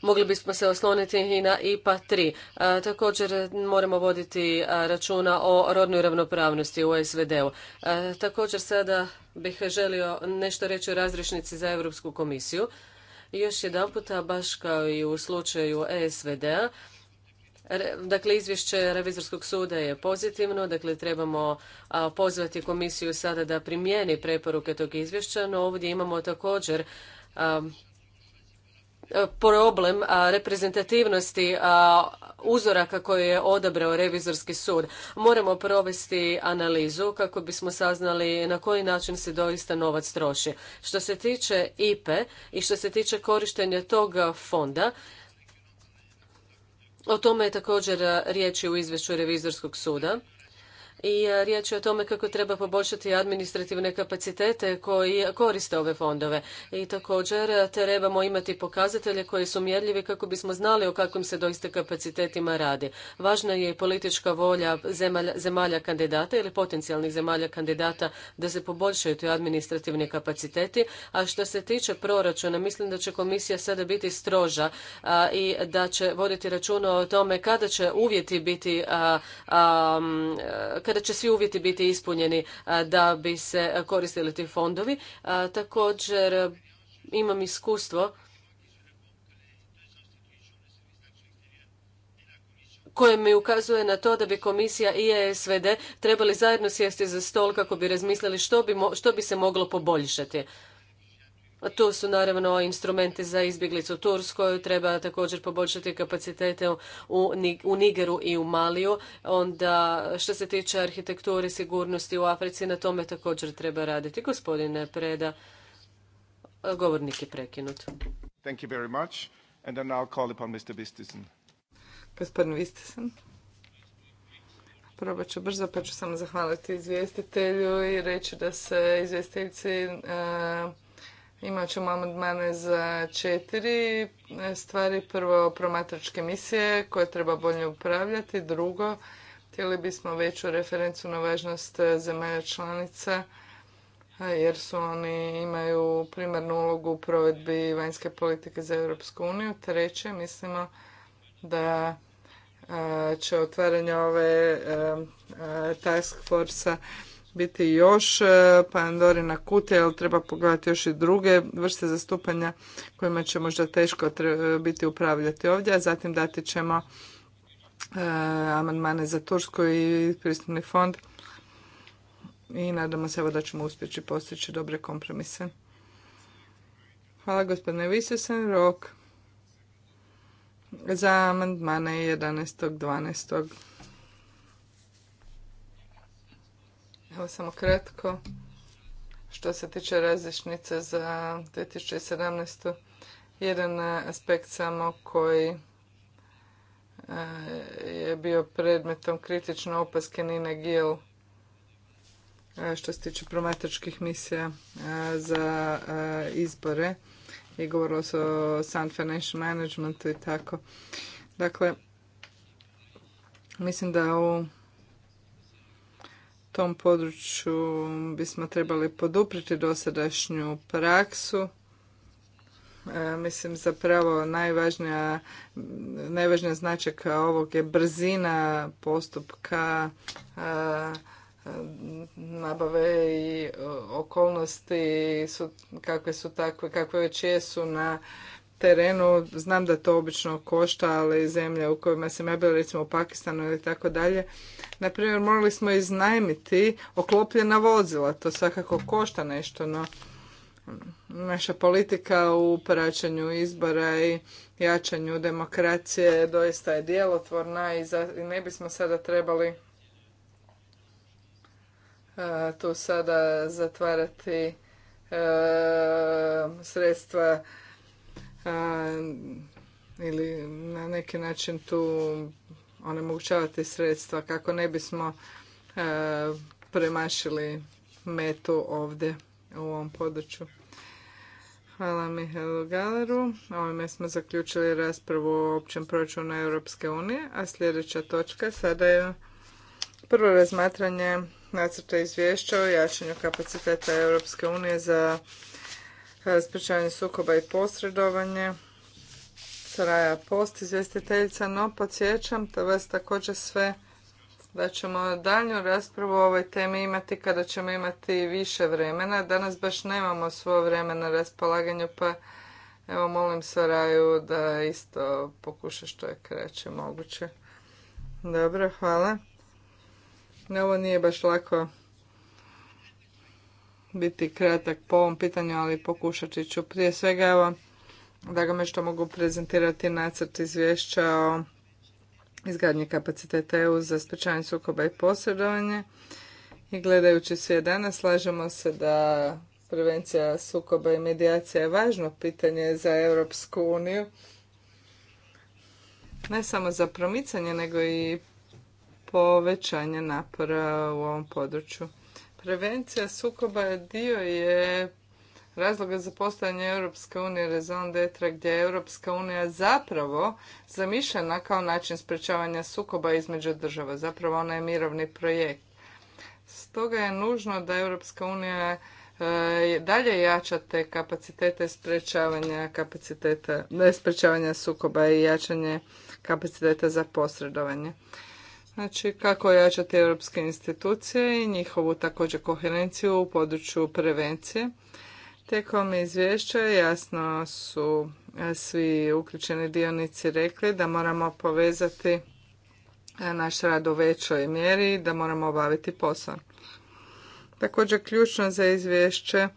Mogli bismo se osloniti i na IPA 3. E, također moramo voditi e, računa o rodnoj ravnopravnosti u SVD-u. E, također sada bih želio nešto reći o razrišnici za Europsku komisiju. Još jedan puta, baš kao i u slučaju SVD-a, Dakle, izvješće Revizorskog suda je pozitivno, dakle trebamo pozvati komisiju sada da primijeni preporuke tog izvješća, no ovdje imamo također problem reprezentativnosti uzoraka koje je odabrao revizorski sud. Moramo provesti analizu kako bismo saznali na koji način se doista novac troši. Što se tiče IPE i što se tiče korištenja tog fonda, o tome je također riječ u izvješću revizorskog suda i e, riječ je o tome kako treba poboljšati administrativne kapacitete koji koriste ove fondove. I također e, trebamo imati pokazatelje koji su mjerljivi kako bismo znali o kakvim se doista kapacitetima radi. Važna je i politička volja zemalja, kandidata ili potencijalnih zemalja kandidata da se poboljšaju ti administrativni kapaciteti. A što se tiče proračuna, mislim da će komisija sada biti stroža i da će voditi računa o tome kada će uvjeti biti da će svi uvjeti biti ispunjeni da bi se koristili ti fondovi. Također imam iskustvo koje mi ukazuje na to da bi komisija i ESVD trebali zajedno sjesti za stol kako bi razmislili bi, što bi se moglo poboljšati. To su naravno instrumenti za izbjeglicu u Turskoj, treba također poboljšati kapacitete u Nigeru i u Maliju. Onda što se tiče arhitekture sigurnosti u Africi, na tome također treba raditi. Gospodine Preda, govornik je prekinut. Thank you very much. And then I'll call upon Mr. Gospodin Probat ću brzo, pa ću samo zahvaliti izvjestitelju i reći da se izvjestiteljici Imat ćemo amandmane za četiri stvari. Prvo, promatračke misije koje treba bolje upravljati. Drugo, htjeli bismo veću referencu na važnost zemalja članica jer su oni imaju primarnu ulogu u provedbi vanjske politike za Europsku uniju. Treće, mislimo da e, će otvaranje ove e, e, task force biti još e, Pandorina kutija, ali treba pogledati još i druge vrste zastupanja kojima će možda teško e, biti upravljati ovdje, a zatim dati ćemo e, amandmane za Tursku i pristupni fond i nadamo se da ćemo uspjeći postići dobre kompromise. Hvala gospodine Visesen, rok za amandmane 11.12. Evo samo kratko. Što se tiče različnice za 2017. Jedan e, aspekt samo koji e, je bio predmetom kritične opaske Nine Gill e, što se tiče promatračkih misija za izbore i govorilo se o Sun Financial Managementu i tako. Dakle, mislim da u tom području bismo trebali podupriti dosadašnju praksu. E, mislim zapravo najvažnija, najvažnija značajka ovog je brzina postupka e, nabave i okolnosti su, kakve su takve, kakve već jesu na terenu, znam da to obično košta, ali zemlje u kojima se ja bila, recimo u Pakistanu ili tako dalje, na primjer morali smo iznajmiti oklopljena vozila, to svakako košta nešto, no naša politika u praćanju izbora i jačanju demokracije doista je djelotvorna i, ne bismo sada trebali e, tu sada zatvarati e, sredstva ili na neki način tu onemogućavati sredstva kako ne bismo e, premašili metu ovdje u ovom području. Hvala Mihajlu Galeru. Ovime smo zaključili raspravu o općem proračunu Europske unije, a sljedeća točka sada je prvo razmatranje nacrta izvješća o jačanju kapaciteta Europske unije za E, sprečavanje sukoba i posredovanje. Saraja Post, izvjestiteljica, no podsjećam te vas također sve da ćemo daljnju raspravu o ovoj temi imati kada ćemo imati više vremena. Danas baš nemamo svoje vreme na raspolaganju, pa evo molim Saraju da isto pokuša što je kreće moguće. Dobro, hvala. Ovo nije baš lako biti kratak po ovom pitanju, ali pokušat ću. Prije svega, evo, da ga što mogu prezentirati nacrt izvješća o izgradnji kapaciteta EU za sprečavanje sukoba i posredovanje. I gledajući sve danas, slažemo se da prevencija sukoba i medijacija je važno pitanje za Europsku uniju. Ne samo za promicanje, nego i povećanje napora u ovom području. Prevencija sukoba dio je razloga za postojanje Europske unije rezon d'etre gdje je Europska unija zapravo zamišljena kao način sprečavanja sukoba između država. Zapravo ona je mirovni projekt. Stoga je nužno da Europska unija e, dalje jača te kapacitete sprečavanja kapaciteta, ne sprečavanja sukoba i jačanje kapaciteta za posredovanje. Znači, kako jačati europske institucije i njihovu također koherenciju u području prevencije. Tekom izvješća jasno su e, svi uključeni dionici rekli da moramo povezati e, naš rad u većoj mjeri da moramo obaviti posao. Također ključno za izvješće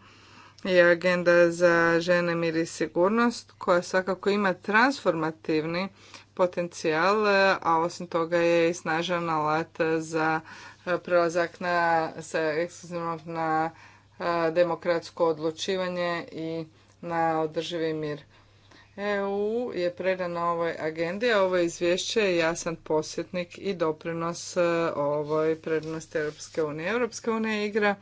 je agenda za žene, mir i sigurnost koja svakako ima transformativni potencijal, a osim toga je i snažan alat za e, prelazak na, sa ekskluzivnog na e, demokratsko odlučivanje i na održivi mir. EU je predana ovoj agendi, a ovo izvješće je jasan posjetnik i doprinos e, ovoj prednosti Europske unije. Europska unija igra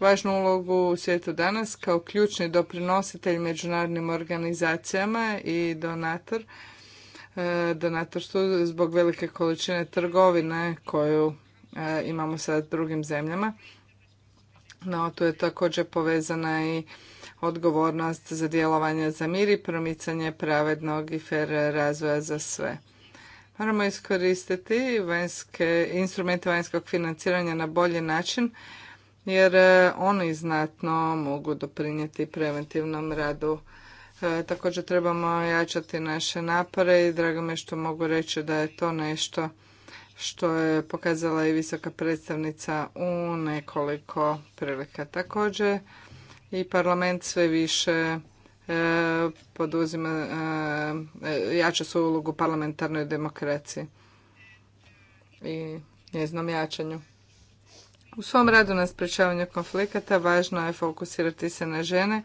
važnu ulogu u svijetu danas kao ključni doprinositelj međunarodnim organizacijama i donator E, što zbog velike količine trgovine koju e, imamo sa drugim zemljama. No, tu je također povezana i odgovornost za djelovanje za mir i promicanje pravednog i fer razvoja za sve. Moramo iskoristiti vanjske, instrumente vanjskog financiranja na bolji način, jer e, oni znatno mogu doprinijeti preventivnom radu E, također trebamo jačati naše napore i drago mi je što mogu reći da je to nešto što je pokazala i visoka predstavnica u nekoliko prilika. Također i parlament sve više e, poduzima, e, jača svoju ulogu parlamentarnoj demokraciji i njeznom jačanju. U svom radu na sprečavanju konflikata važno je fokusirati se na žene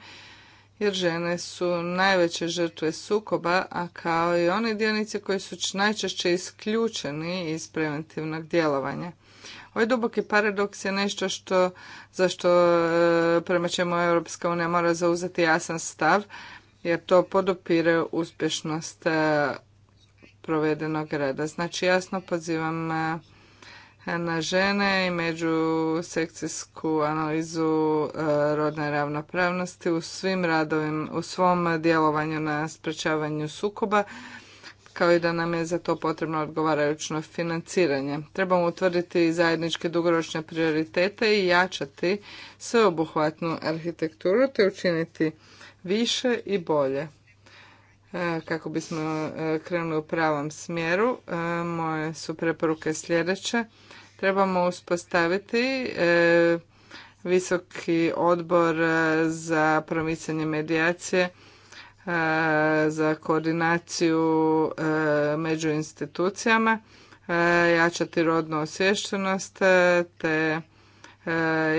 jer žene su najveće žrtve sukoba, a kao i one dionice koji su najčešće isključeni iz preventivnog djelovanja. Ovaj duboki paradoks je nešto što, za što e, prema čemu Europska unija mora zauzeti jasan stav, jer to podopire uspješnost e, provedenog reda. Znači jasno pozivam e, na žene i međusekcijsku analizu e, rodne ravnopravnosti u svim radovim, u svom djelovanju na sprečavanju sukoba kao i da nam je za to potrebno odgovarajuće financiranje. Trebamo utvrditi zajedničke dugoročne prioritete i jačati sveobuhvatnu arhitekturu te učiniti više i bolje. E, kako bismo e, krenuli u pravom smjeru, moje su preporuke sljedeće trebamo uspostaviti e, visoki odbor e, za promicanje medijacije e, za koordinaciju među institucijama, jačati rodnu osviještenost te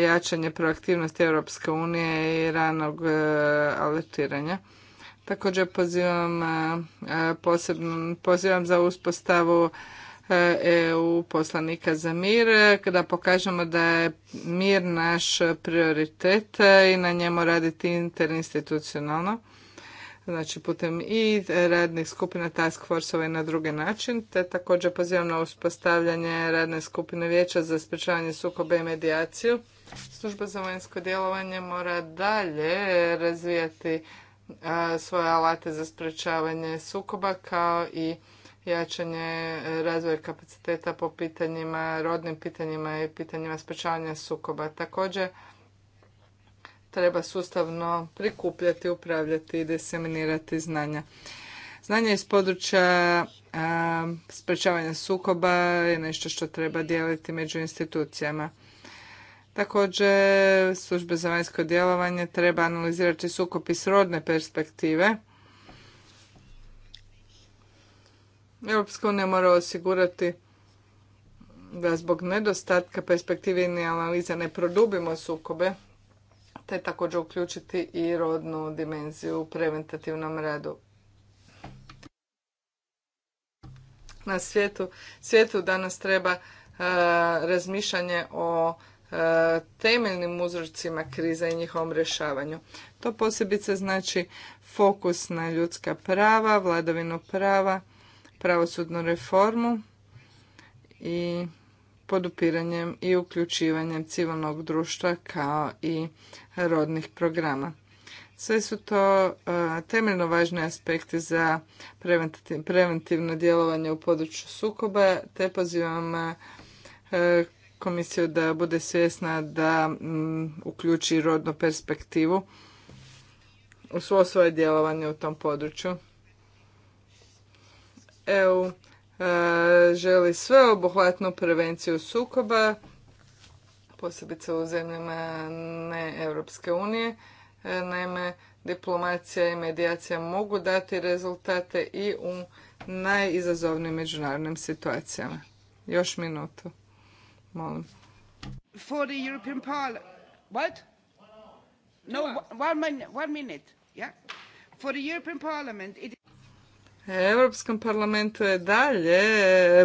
jačanje proaktivnosti Europske unije i ranog alertiranja. Također pozivam, posebno, pozivam za uspostavu E, EU poslanika za mir, kada pokažemo da je mir naš prioritet i na njemu raditi interinstitucionalno, znači putem i radnih skupina task force i na drugi način, te također pozivam na uspostavljanje radne skupine vijeća za sprečavanje sukoba i medijaciju. Služba za vanjsko djelovanje mora dalje razvijati svoje alate za sprečavanje sukoba kao i jačanje e, razvoja kapaciteta po pitanjima, rodnim pitanjima i pitanjima sprečavanja sukoba. Također, treba sustavno prikupljati, upravljati i diseminirati znanja. Znanje iz područja sprečavanja sukoba je nešto što treba dijeliti među institucijama. Također, službe za vanjsko djelovanje treba analizirati sukopi iz rodne perspektive – Europska unija mora osigurati da zbog nedostatka perspektive i analize ne produbimo sukobe, te također uključiti i rodnu dimenziju u preventativnom radu. Na svijetu, svijetu danas treba e, razmišljanje o e, temeljnim uzrocima kriza i njihovom rješavanju. To posebice znači fokus na ljudska prava, vladavinu prava, pravosudnu reformu i podupiranjem i uključivanjem civilnog društva kao i rodnih programa. Sve su to e, temeljno važni aspekti za preventivno djelovanje u području sukoba, te pozivam e, komisiju da bude svjesna da uključi rodnu perspektivu u svo svoje djelovanje u tom području. EU e, želi sveobuhvatnu prevenciju sukoba, posebice u zemljama ne Europske unije. E, naime, diplomacija i medijacija mogu dati rezultate i u najizazovnim međunarodnim situacijama. Još minutu. Molim. For the European Parliament. What? No, one, minute. Yeah. For the European Parliament, Europskom parlamentu je dalje,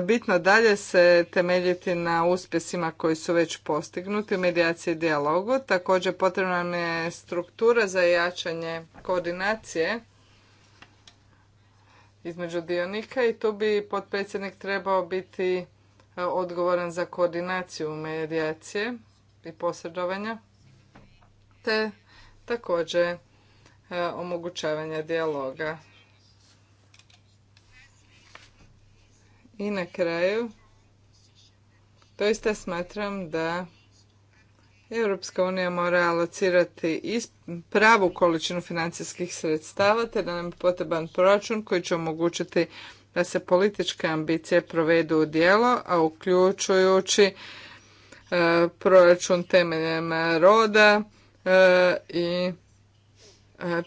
bitno dalje se temeljiti na uspjesima koji su već postignuti u medijaciji i dijalogu. Također potrebna nam je struktura za jačanje koordinacije između dionika i tu bi potpredsjednik trebao biti e, odgovoran za koordinaciju medijacije i posredovanja, te također e, omogućavanja dijaloga. I na kraju, doista smatram da Europska unija mora alocirati pravu količinu financijskih sredstava te da nam je potreban proračun koji će omogućiti da se političke ambicije provedu u djelo, a uključujući e, proračun temeljem roda e, i e,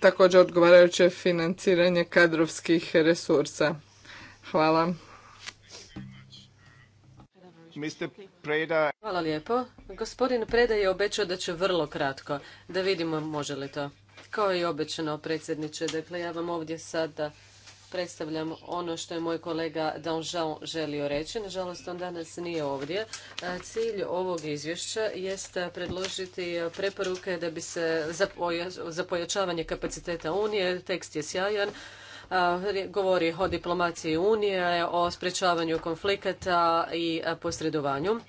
također odgovarajuće financiranje kadrovskih resursa. Hvala. Hvala lijepo. Gospodin Preda je obećao da će vrlo kratko. Da vidimo može li to. Kao i obećano, predsjedniče. Dakle, ja vam ovdje sada predstavljam ono što je moj kolega Danjean želio reći. Nažalost, on danas nije ovdje. Cilj ovog izvješća jest predložiti preporuke da bi se za pojačavanje kapaciteta Unije. Tekst je sjajan govori o diplomaciji Unije, o sprečavanju konflikata i posredovanju.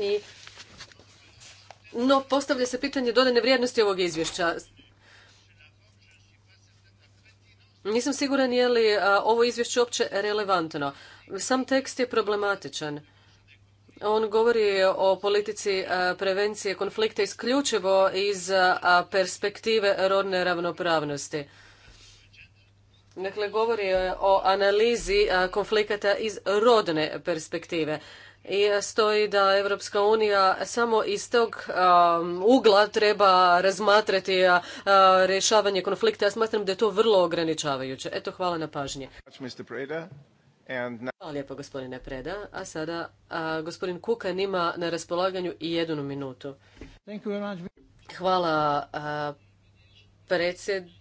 I, no, postavlja se pitanje dodane vrijednosti ovog izvješća. Nisam siguran je li ovo izvješće uopće relevantno. Sam tekst je problematičan. On govori o politici prevencije konflikta isključivo iz perspektive rodne ravnopravnosti. Dakle, govori e, o analizi e, konflikata iz rodne perspektive. I e, stoji da Evropska unija samo iz tog ugla treba razmatrati rješavanje konflikta. Ja smatram da je to vrlo ograničavajuće. Eto, hvala na pažnje. Hvala lijepo, gospodine Preda. A sada gospodin Kukan ima na raspolaganju i jednu minutu. Hvala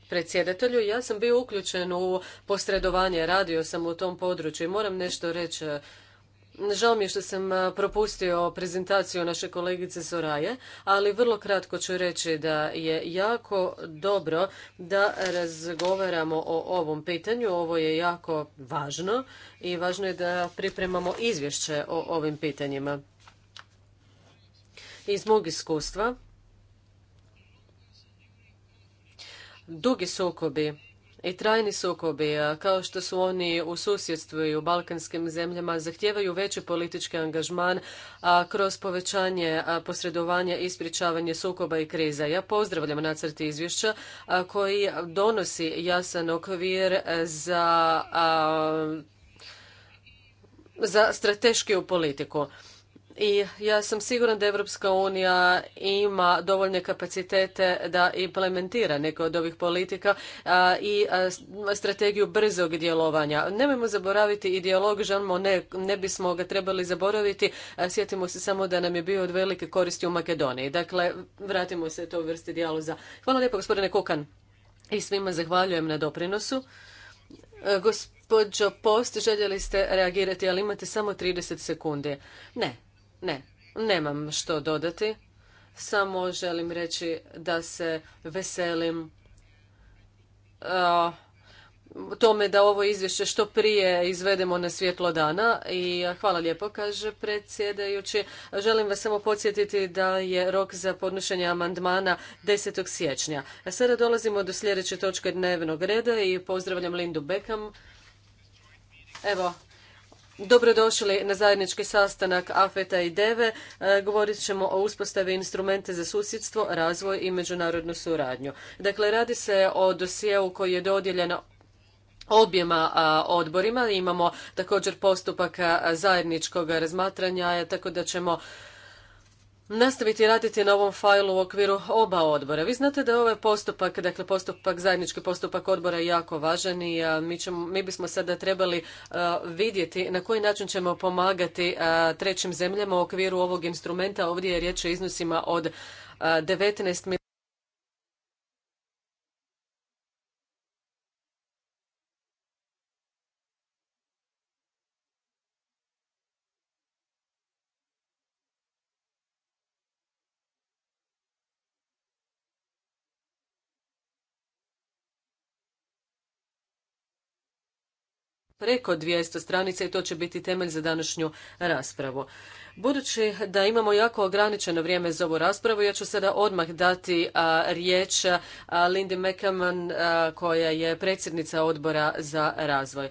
predsjedatelju. Ja sam bio uključen u posredovanje, radio sam u tom području i moram nešto reći. Žao mi je što sam propustio prezentaciju naše kolegice Soraje, ali vrlo kratko ću reći da je jako dobro da razgovaramo o ovom pitanju. Ovo je jako važno i važno je da pripremamo izvješće o ovim pitanjima. Iz mog iskustva dugi sukobi i trajni sukobi, kao što su oni u susjedstvu i u balkanskim zemljama, zahtijevaju veći politički angažman kroz povećanje posredovanja i sprječavanje sukoba i kriza. Ja pozdravljam nacrt izvješća koji donosi jasan okvir za, za u politiku i ja sam siguran da Europska unija ima dovoljne kapacitete da implementira neke od ovih politika i strategiju brzog djelovanja. Nemojmo zaboraviti i dijalog Jean ne ne bismo ga trebali zaboraviti, sjetimo se samo da nam je bio od velike koristi u Makedoniji. Dakle, vratimo se toj vrsti dijaloga. Hvala lijepo gospodine Kukan i svima zahvaljujem na doprinosu. E, gospođo Post, željeli ste reagirati, ali imate samo 30 sekundi. Ne, ne, nemam što dodati. Samo želim reći da se veselim uh, tome da ovo izvješće što prije izvedemo na svjetlo dana i hvala lijepo, kaže predsjedajući. Želim vas samo podsjetiti da je rok za podnošenje amandmana 10. siječnja. A sada dolazimo do sljedeće točke dnevnog reda i pozdravljam Lindu Beckham. Evo, Dobrodošli na zajednički sastanak AFETA i DEVE. E, govorit ćemo o uspostavi instrumente za susjedstvo, razvoj i međunarodnu suradnju. Dakle, radi se o dosjeu koji je dodijeljen objema odborima. Imamo također postupak zajedničkog razmatranja, tako da ćemo nastaviti raditi na ovom failu u okviru oba odbora. Vi znate da je ovaj postupak, dakle postupak, zajednički postupak odbora je jako važan i mi, ćemo, mi bismo sada trebali vidjeti na koji način ćemo pomagati trećim zemljama u okviru ovog instrumenta. Ovdje je riječ o iznosima od 19 milijuna preko 200 stranica i to će biti temelj za današnju raspravu. Budući da imamo jako ograničeno vrijeme za ovu raspravu, ja ću sada odmah dati riječ a, Lindy koja je predsjednica odbora za razvoj.